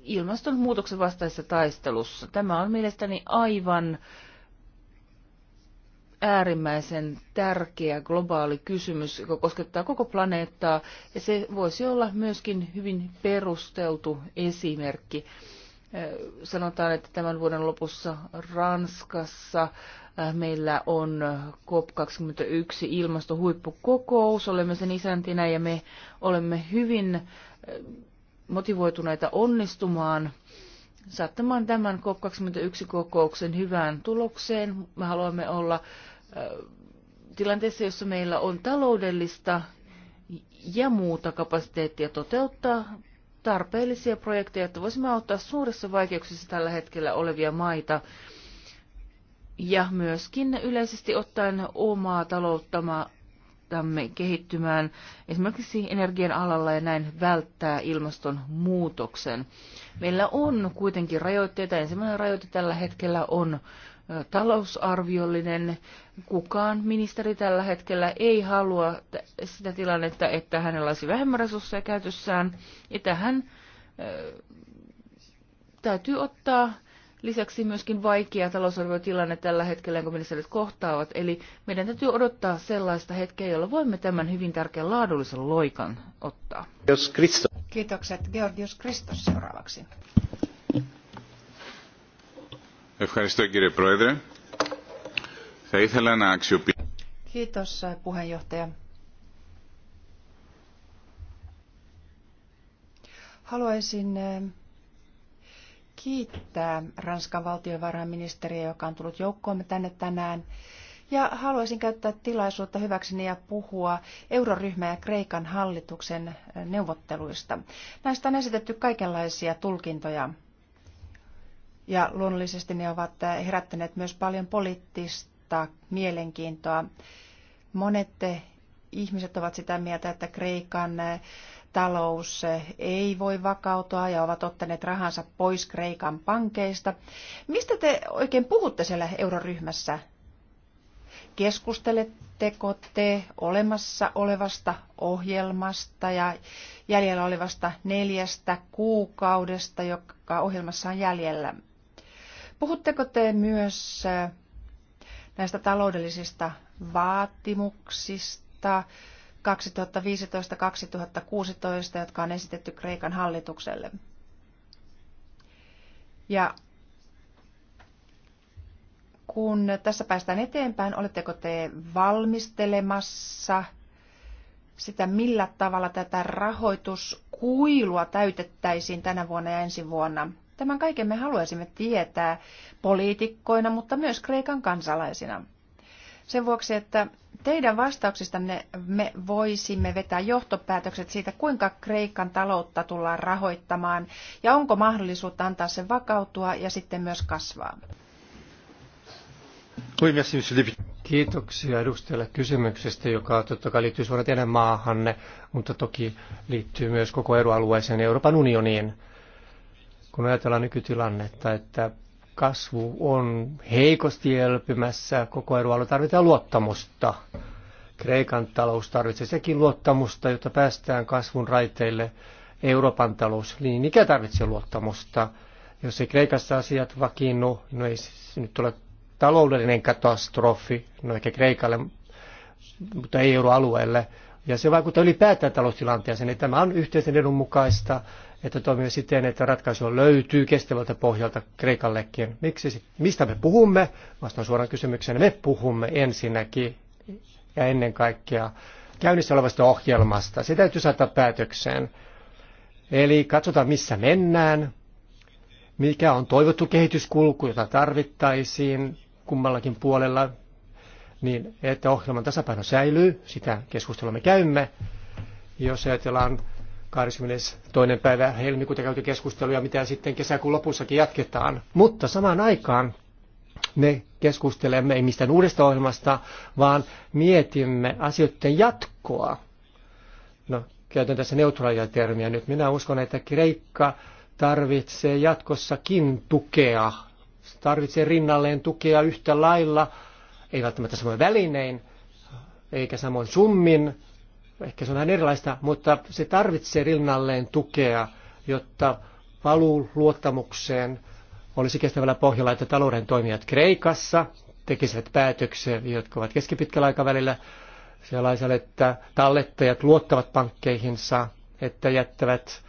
ilmastonmuutoksen vastaisessa taistelussa. Tämä on mielestäni aivan äh, äärimmäisen tärkeä globaali kysymys, joka koskettaa koko planeettaa, ja se voisi olla myöskin hyvin perusteltu esimerkki. Sanotaan, että tämän vuoden lopussa Ranskassa meillä on COP21 ilmastohuippukokous, olemme sen isäntinä ja me olemme hyvin motivoituneita onnistumaan saattamaan tämän COP21-kokouksen hyvään tulokseen. Me haluamme olla tilanteessa, jossa meillä on taloudellista ja muuta kapasiteettia toteuttaa tarpeellisia projekteja, että voisimme auttaa suuressa vaikeuksissa tällä hetkellä olevia maita ja myöskin yleisesti ottaen omaa talouttamaa maitamme kehittymään esimerkiksi energian alalla ja näin välttää ilmastonmuutoksen. Meillä on kuitenkin rajoitteita. Ensimmäinen rajoite tällä hetkellä on talousarviollinen. Kukaan ministeri tällä hetkellä ei halua sitä tilannetta, että hänellä olisi vähemmän resursseja käytössään. Ja tähän täytyy ottaa Lisäksi myöskin vaikea talousarviotilanne tällä hetkellä, kun ministerit kohtaavat. Eli meidän täytyy odottaa sellaista hetkeä, jolla voimme tämän hyvin tärkeän laadullisen loikan ottaa. Kiitokset. Georgios Kristos seuraavaksi. Ευχαριστώ κύριε Πρόεδρε. Θα ήθελα Kiitos puheenjohtaja. Haluaisin kiittää Ranskan valtiovarainministeriä, joka on tullut joukkoomme tänne tänään. Ja haluaisin käyttää tilaisuutta hyväkseni ja puhua euroryhmän ja Kreikan hallituksen eh, neuvotteluista. Näistä on esitetty kaikenlaisia tulkintoja. Ja luonnollisesti ne ovat eh, herättäneet myös paljon poliittista mielenkiintoa. Monet eh, ihmiset ovat sitä mieltä, että Kreikan talous ei voi vakautua ja ovat ottaneet rahansa pois Kreikan pankeista. Mistä te oikein puhutte siellä euroryhmässä? Keskusteletteko te olemassa olevasta ohjelmasta ja jäljellä olevasta neljästä kuukaudesta, joka ohjelmassa on jäljellä? Puhutteko te myös äh, näistä taloudellisista vaatimuksista, 2015-2016, jotka on esitetty Kreikan hallitukselle. Ja kun tässä päästään eteenpäin, oletteko te valmistelemassa sitä, millä tavalla tätä rahoituskuilua täytettäisiin tänä vuonna ja ensi vuonna? Tämän kaiken me haluaisimme tietää poliitikkoina, mutta myös Kreikan kansalaisina. Sen vuoksi, että Teidän vastauksistanne me voisimme vetää johtopäätökset siitä, kuinka Kreikan taloutta tullaan rahoittamaan ja onko mahdollisuutta antaa sen vakautua ja sitten myös kasvaa. Kiitoksia edustajalle kysymyksestä, joka totta kai liittyy suoraan teidän maahanne, mutta toki liittyy myös koko euroalueeseen Euroopan unioniin. Kun ajatellaan nykytilannetta, että kasvu on heikosti elpymässä, koko euroalue tarvitaan luottamusta. Kreikan talous tarvitsee sekin luottamusta, jotta päästään kasvun raiteille. Euroopan talous, niin mikä tarvitsee luottamusta? Jos ei Kreikassa asiat vakiinnu, no ei siis nyt ole taloudellinen katastrofi, no ehkä Kreikalle, mutta ei euroalueelle. Ja se vaikuttaa ylipäätään taloustilanteeseen. Tämä on yhteisen edun mukaista, että toimimme siten, että ratkaisu löytyy kestävältä pohjalta Kreikallekin. Miksi, mistä me puhumme? Vastaan suoraan kysymykseen. Me puhumme ensinnäkin ja ennen kaikkea käynnissä olevasta ohjelmasta. Se täytyy saada päätökseen. Eli katsotaan, missä mennään, mikä on toivottu kehityskulku, jota tarvittaisiin kummallakin puolella, niin että ohjelman tasapaino säilyy, sitä keskustelua me käymme. Jos ajatellaan 22. päivä helmikuuta käyty keskusteluja, mitä sitten kesäkuun lopussakin jatketaan. Mutta samaan aikaan me keskustelemme ei mistään uudesta ohjelmasta, vaan mietimme asioiden jatkoa. No, käytän tässä neutraalia termiä nyt. Minä uskon, että Kreikka tarvitsee jatkossakin tukea. Se tarvitsee rinnalleen tukea yhtä lailla, ei välttämättä samoin välinein, eikä samoin summin, ehkä se on vähän erilaista, mutta se tarvitsee rinnalleen tukea, jotta paluu luottamukseen olisi kestävällä pohjalla, että talouden toimijat Kreikassa tekisivät päätöksiä, jotka ovat keskipitkällä aikavälillä sellaiselle, että tallettajat luottavat pankkeihinsa, että jättävät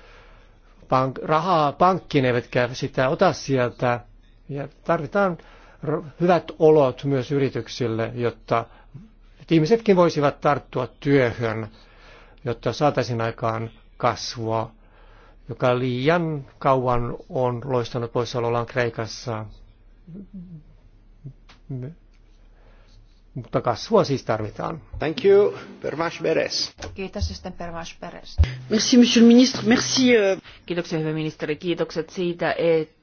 pank- rahaa pankkiin eivätkä sitä ota sieltä. Ja tarvitaan hyvät olot myös yrityksille, jotta että ihmisetkin voisivat tarttua työhön, jotta saataisiin aikaan kasvua, joka liian kauan on loistanut poissaolollaan Kreikassa. Mutta kasvua siis tarvitaan. Thank you, Pervash Beres. Kiitos sitten Pervash Beres. Merci, monsieur le ministre. Merci. Euh. Kiitoksia, hyvä ministeri. Kiitokset siitä, että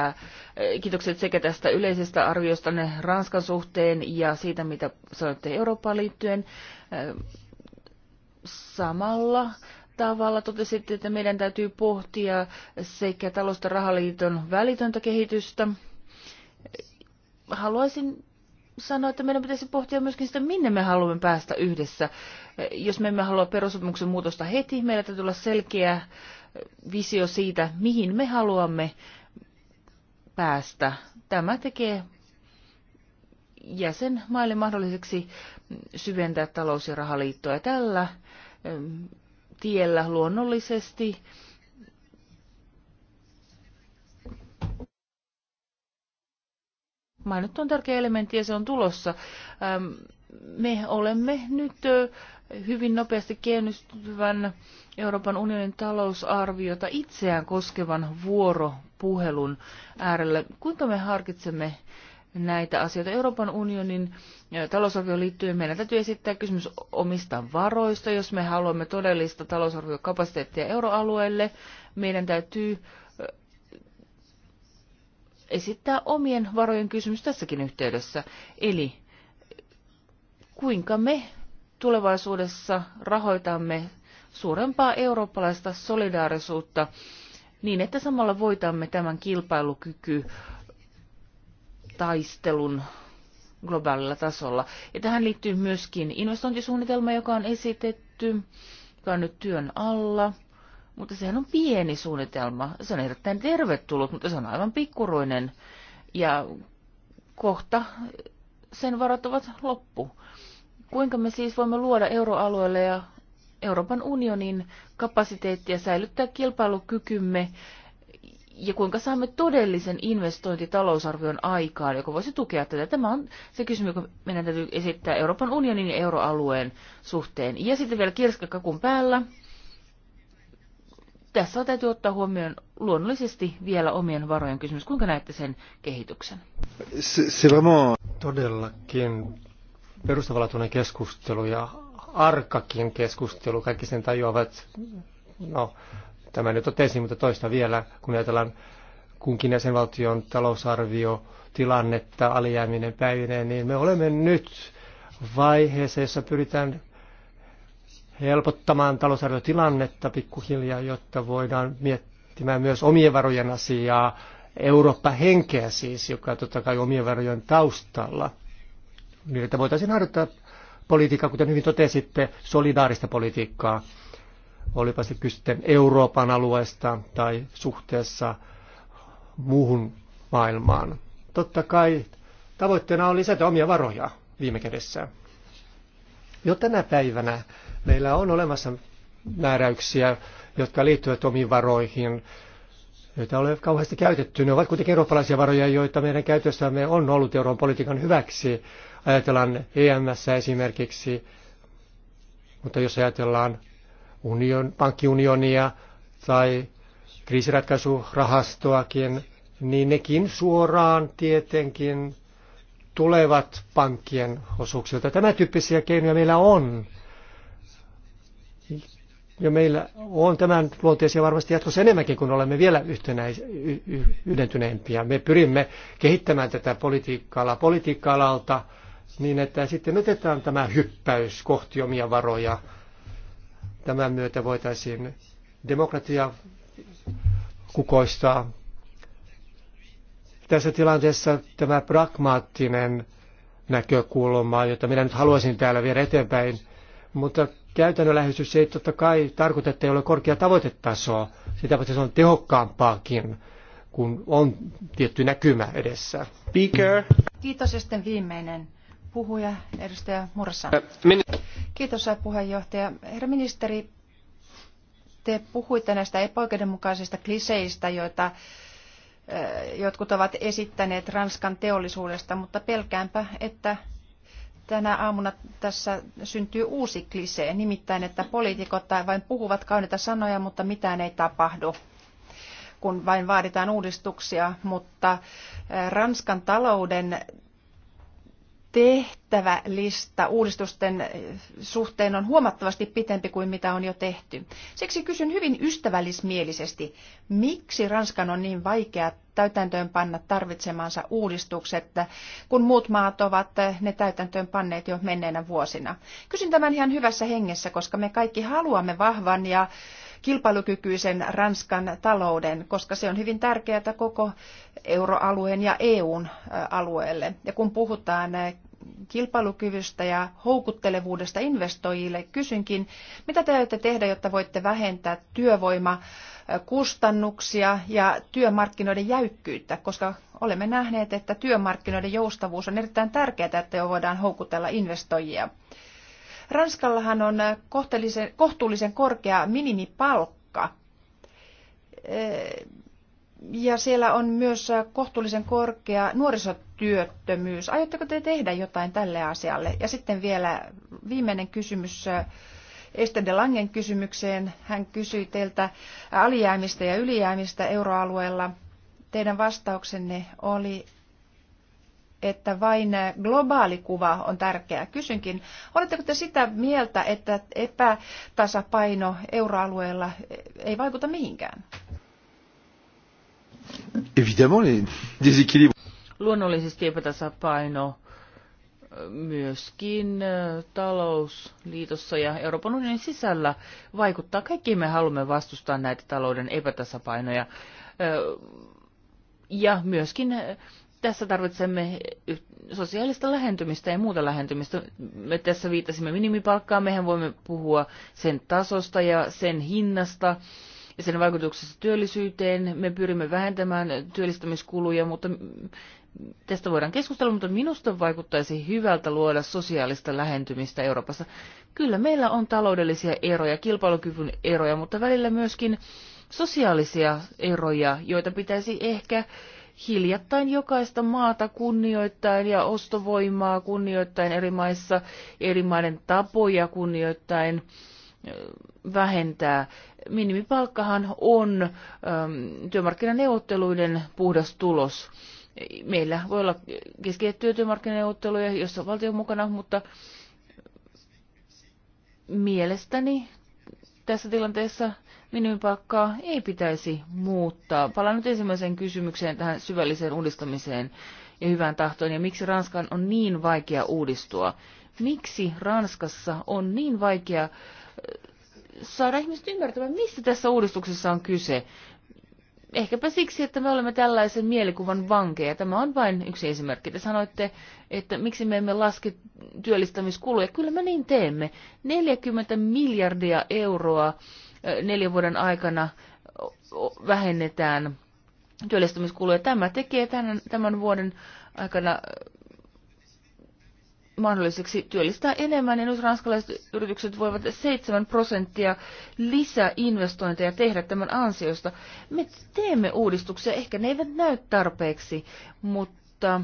että eh, kiitokset sekä tästä yleisestä arviosta ne Ranskan suhteen ja siitä, mitä sanoitte Eurooppaan liittyen. Eh, samalla tavalla totesitte, että meidän täytyy pohtia sekä talosta rahaliiton välitöntä kehitystä. Eh, haluaisin sanoa, että meidän pitäisi pohtia myöskin sitä, minne me haluamme päästä yhdessä. Jos me emme halua perusopimuksen muutosta heti, meillä täytyy olla selkeä visio siitä, mihin me haluamme päästä. Tämä tekee jäsenmaille mahdolliseksi syventää talous- ja rahaliittoa. tällä tiellä luonnollisesti mainittu on tärkeä elementti ja se on tulossa. Me olemme nyt hyvin nopeasti käynnistyvän Euroopan unionin talousarviota itseään koskevan vuoropuhelun äärelle. Kuinka me harkitsemme näitä asioita. Euroopan unionin talousarvioon liittyen meidän täytyy esittää kysymys omista varoista. Jos me haluamme todellista talousarviokapasiteettia euroalueelle, meidän täytyy esittää omien varojen kysymys tässäkin yhteydessä. Eli kuinka me tulevaisuudessa rahoitamme suurempaa eurooppalaista solidaarisuutta niin, että samalla voitamme tämän kilpailukyky taistelun globaalilla tasolla. Ja tähän liittyy myöskin investointisuunnitelma, joka on esitetty, joka on nyt työn alla. Mutta sehän on pieni suunnitelma. Se on erittäin tervetullut, mutta se on aivan pikkuruinen. Ja kohta sen varat ovat loppu. Kuinka me siis voimme luoda euroalueelle ja Euroopan unionin kapasiteettia säilyttää kilpailukykymme ja kuinka saamme todellisen investointitalousarvion aikaan, joka voisi tukea tätä. Tämä on se kysymys, joka meidän täytyy esittää Euroopan unionin ja euroalueen suhteen. Ja sitten vielä kirskakakun päällä. Tässä täytyy ottaa huomioon luonnollisesti vielä omien varojen kysymys. Kuinka näette sen kehityksen? Se, se Todellakin perustavanlaatuinen keskustelu ja arkakin keskustelu, kaikki sen tajuavat, no tämä nyt totesin, mutta toista vielä, kun ajatellaan kunkin jäsenvaltion talousarvio tilannetta alijääminen päivineen, niin me olemme nyt vaiheessa, jossa pyritään helpottamaan talousarviotilannetta pikkuhiljaa, jotta voidaan miettimään myös omien varojen asiaa, Eurooppa-henkeä siis, joka totta kai omien varojen taustalla – niin että voitaisiin harjoittaa politiikkaa, kuten hyvin totesitte, solidaarista politiikkaa. Olipa se kyse Euroopan alueesta tai suhteessa muuhun maailmaan. Totta kai tavoitteena on lisätä omia varoja viime kädessä. Jo tänä päivänä meillä on olemassa määräyksiä, jotka liittyvät omiin varoihin, joita ei ole kauheasti käytetty. Ne ovat kuitenkin eurooppalaisia varoja, joita meidän käytössämme on ollut Euroopan politiikan hyväksi Ajatellaan EMS esimerkiksi, mutta jos ajatellaan union, pankkiunionia tai kriisiratkaisurahastoakin, niin nekin suoraan tietenkin tulevat pankkien osuuksilta. Tämä tyyppisiä keinoja meillä on. Ja meillä on tämän luonteisia varmasti jatkossa enemmänkin, kun olemme vielä yhtenäis- yhdentyneempiä. Me pyrimme kehittämään tätä politiikka-alaa politiikka-alalta niin että sitten otetaan tämä hyppäys kohti omia varoja. Tämän myötä voitaisiin demokratia kukoistaa. Tässä tilanteessa tämä pragmaattinen näkökulma, jota minä nyt haluaisin täällä viedä eteenpäin, mutta käytännönläheisyys ei totta kai tarkoita, että ei ole korkea tavoitetasoa. Sitä se on tehokkaampaakin, kun on tietty näkymä edessä. Speaker. Kiitos ja sitten viimeinen puhuja, edustaja Mursa. Äh, Kiitos äh, puheenjohtaja. Herra ministeri, te puhuitte näistä epäoikeudenmukaisista kliseistä, joita äh, jotkut ovat esittäneet Ranskan teollisuudesta, mutta pelkäänpä, että tänä aamuna tässä syntyy uusi klisee, nimittäin, että poliitikot vain puhuvat kauniita sanoja, mutta mitään ei tapahdu kun vain vaaditaan uudistuksia, mutta Ranskan talouden tehtävälista uudistusten suhteen on huomattavasti pitempi kuin mitä on jo tehty. Siksi kysyn hyvin ystävällismielisesti, miksi Ranskan on niin vaikea täytäntöön panna tarvitsemansa uudistukset, kun muut maat ovat ne täytäntöön panneet jo menneinä vuosina. Kysyn tämän ihan hyvässä hengessä, koska me kaikki haluamme vahvan ja kilpailukykyisen Ranskan talouden, koska se on hyvin tärkeää koko euroalueen ja EUn alueelle. Ja kun puhutaan kilpailukyvystä ja houkuttelevuudesta investoijille. Kysynkin, mitä te aiotte tehdä, jotta voitte vähentää työvoimakustannuksia ja työmarkkinoiden jäykkyyttä, koska olemme nähneet, että työmarkkinoiden joustavuus on erittäin tärkeää, että jo voidaan houkutella investoijia. Ranskallahan on kohtuullisen korkea minimipalkka. Eh, ja siellä on myös kohtuullisen korkea nuorisotyöttömyys. Aiotteko te tehdä jotain tälle asialle? Ja sitten vielä viimeinen kysymys eh, de Langen kysymykseen. Hän kysyi teiltä alijäämistä ja ylijäämistä euroalueella. Teidän vastauksenne oli, että vain globaali kuva on tärkeä. Kysynkin, oletteko te sitä mieltä, että epätasapaino euroalueella ei vaikuta mihinkään? Luonnollisesti epätasapaino myöskin talousliitossa ja Euroopan unionin sisällä vaikuttaa. Kaikki me haluamme vastustaa näitä talouden epätasapainoja ja myöskin tässä tarvitsemme sosiaalista lähentymistä ja muuta lähentymistä. Me tässä viittasimme minimipalkkaan, mehän voimme puhua sen tasosta ja sen hinnasta ja sen vaikutuksesta työllisyyteen. Me pyrimme vähentämään työllistämiskuluja, mutta tästä voidaan keskustella, mutta minusta vaikuttaisi hyvältä luoda sosiaalista lähentymistä Euroopassa. Kyllä meillä on taloudellisia eroja, kilpailukyvyn eroja, mutta välillä myöskin sosiaalisia eroja, joita pitäisi ehkä hiljattain jokaista maata kunnioittain ja ostovoimaa kunnioittain eri maissa, eri maiden tapoja kunnioittain vähentää. Minimipalkkahan on äm, työmarkkinaneuvotteluiden puhdas tulos. Meillä voi olla keskeyttyä työmarkkinaneuvotteluja, jossa on valtio mukana, mutta mielestäni tässä tilanteessa minimipalkkaa ei pitäisi muuttaa. Palaan nyt ensimmäiseen kysymykseen tähän syvälliseen uudistamiseen ja hyvään tahtoon ja miksi Ranskan on niin vaikea uudistua. Miksi Ranskassa on niin vaikea äh, saada ihmiset ymmärtämään, mistä tässä uudistuksessa on kyse? Ehkäpä siksi, että me olemme tällaisen mielikuvan vankeja. Tämä on vain yksi esimerkki. Te sanoitte, että miksi me emme laske työllistämiskuluja. Kyllä me niin teemme. 40 miljardia euroa neljän vuoden aikana vähennetään työllistämiskuluja. Tämä tekee tämän, tämän vuoden aikana äh, mahdolliseksi työllistää enemmän, niin nyt ranskalaiset yritykset voivat 7 prosenttia lisäinvestointeja tehdä tämän ansiosta. Me teemme uudistuksia, ehkä ne eivät näy tarpeeksi, mutta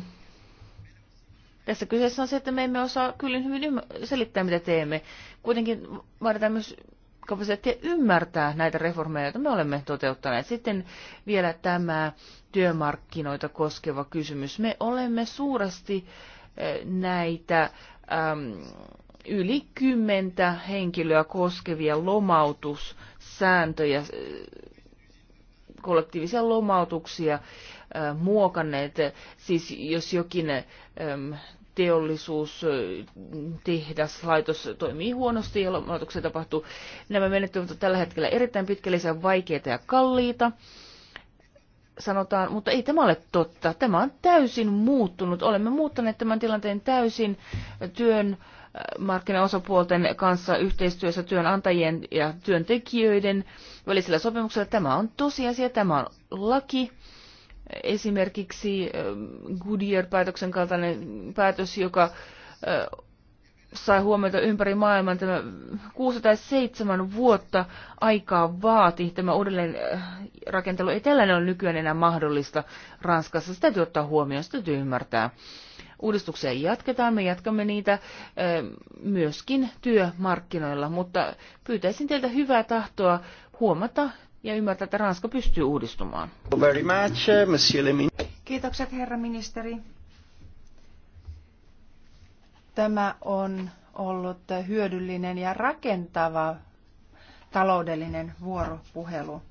tässä kyseessä on se, että me emme osaa kyllä hyvin selittää, mitä teemme. Kuitenkin vaaditaan myös kapasiteettia ymmärtää näitä reformeja, joita me olemme toteuttaneet. Sitten vielä tämä työmarkkinoita koskeva kysymys. Me olemme suuresti eh, näitä äm, yli kymmentä henkilöä koskevia lomautussääntöjä, eh, kollektiivisia lomautuksia eh, muokanneet. Siis jos jokin teollisuus, tehdas, laitos toimii huonosti ja lomautuksia tapahtuu. Nämä menettelyt ovat tällä hetkellä erittäin pitkällisiä, vaikeita ja kalliita sanotaan, mutta ei tämä ole totta. Tämä on täysin muuttunut. Olemme muuttaneet tämän tilanteen täysin työn markkinaosapuolten kanssa yhteistyössä työnantajien ja työntekijöiden välisellä sopimuksella. Tämä on tosiasia, tämä on laki. Esimerkiksi Goodyear-päätöksen kaltainen päätös, joka sai huomiota ympäri maailman. Tämä 607 vuotta aikaa vaati tämä uudelleen rakentelu. Ei tällainen ole nykyään enää mahdollista Ranskassa. Sitä täytyy ottaa huomioon, sitä täytyy ymmärtää. Uudistuksia jatketaan, me jatkamme niitä myöskin työmarkkinoilla, mutta pyytäisin teiltä hyvää tahtoa huomata ja ymmärtää, että Ranska pystyy uudistumaan. Very much, eh, Kiitokset herra ministeri. Tämä on ollut hyödyllinen ja rakentava taloudellinen vuoropuhelu.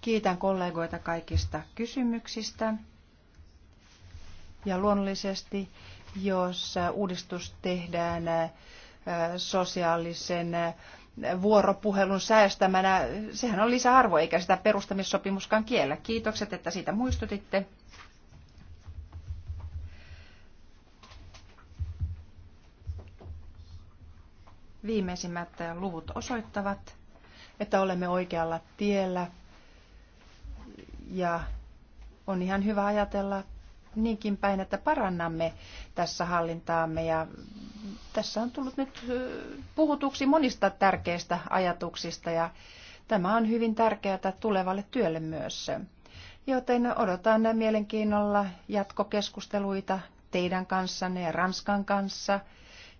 Kiitän kollegoita kaikista kysymyksistä. Ja luonnollisesti, jos uudistus tehdään eh, sosiaalisen eh, vuoropuhelun säästämänä, sehän on lisäarvo, eikä sitä perustamissopimuskaan kiellä. Kiitokset, että siitä muistutitte. Viimeisimmät luvut osoittavat, että olemme oikealla tiellä ja on ihan hyvä ajatella niinkin päin, että parannamme tässä hallintaamme ja tässä on tullut nyt puhutuksi monista tärkeistä ajatuksista ja tämä on hyvin tärkeää tulevalle työlle myös. Joten odotan mielenkiinnolla jatkokeskusteluita teidän kanssanne ja Ranskan kanssa.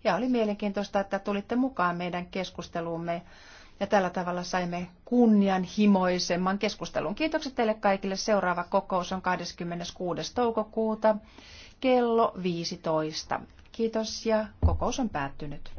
Ja oli mielenkiintoista, että tulitte mukaan meidän keskusteluumme ja tällä tavalla saimme kunnianhimoisemman keskustelun. Kiitokset teille kaikille. Seuraava kokous on 26. toukokuuta kello 15. Kiitos ja kokous on päättynyt.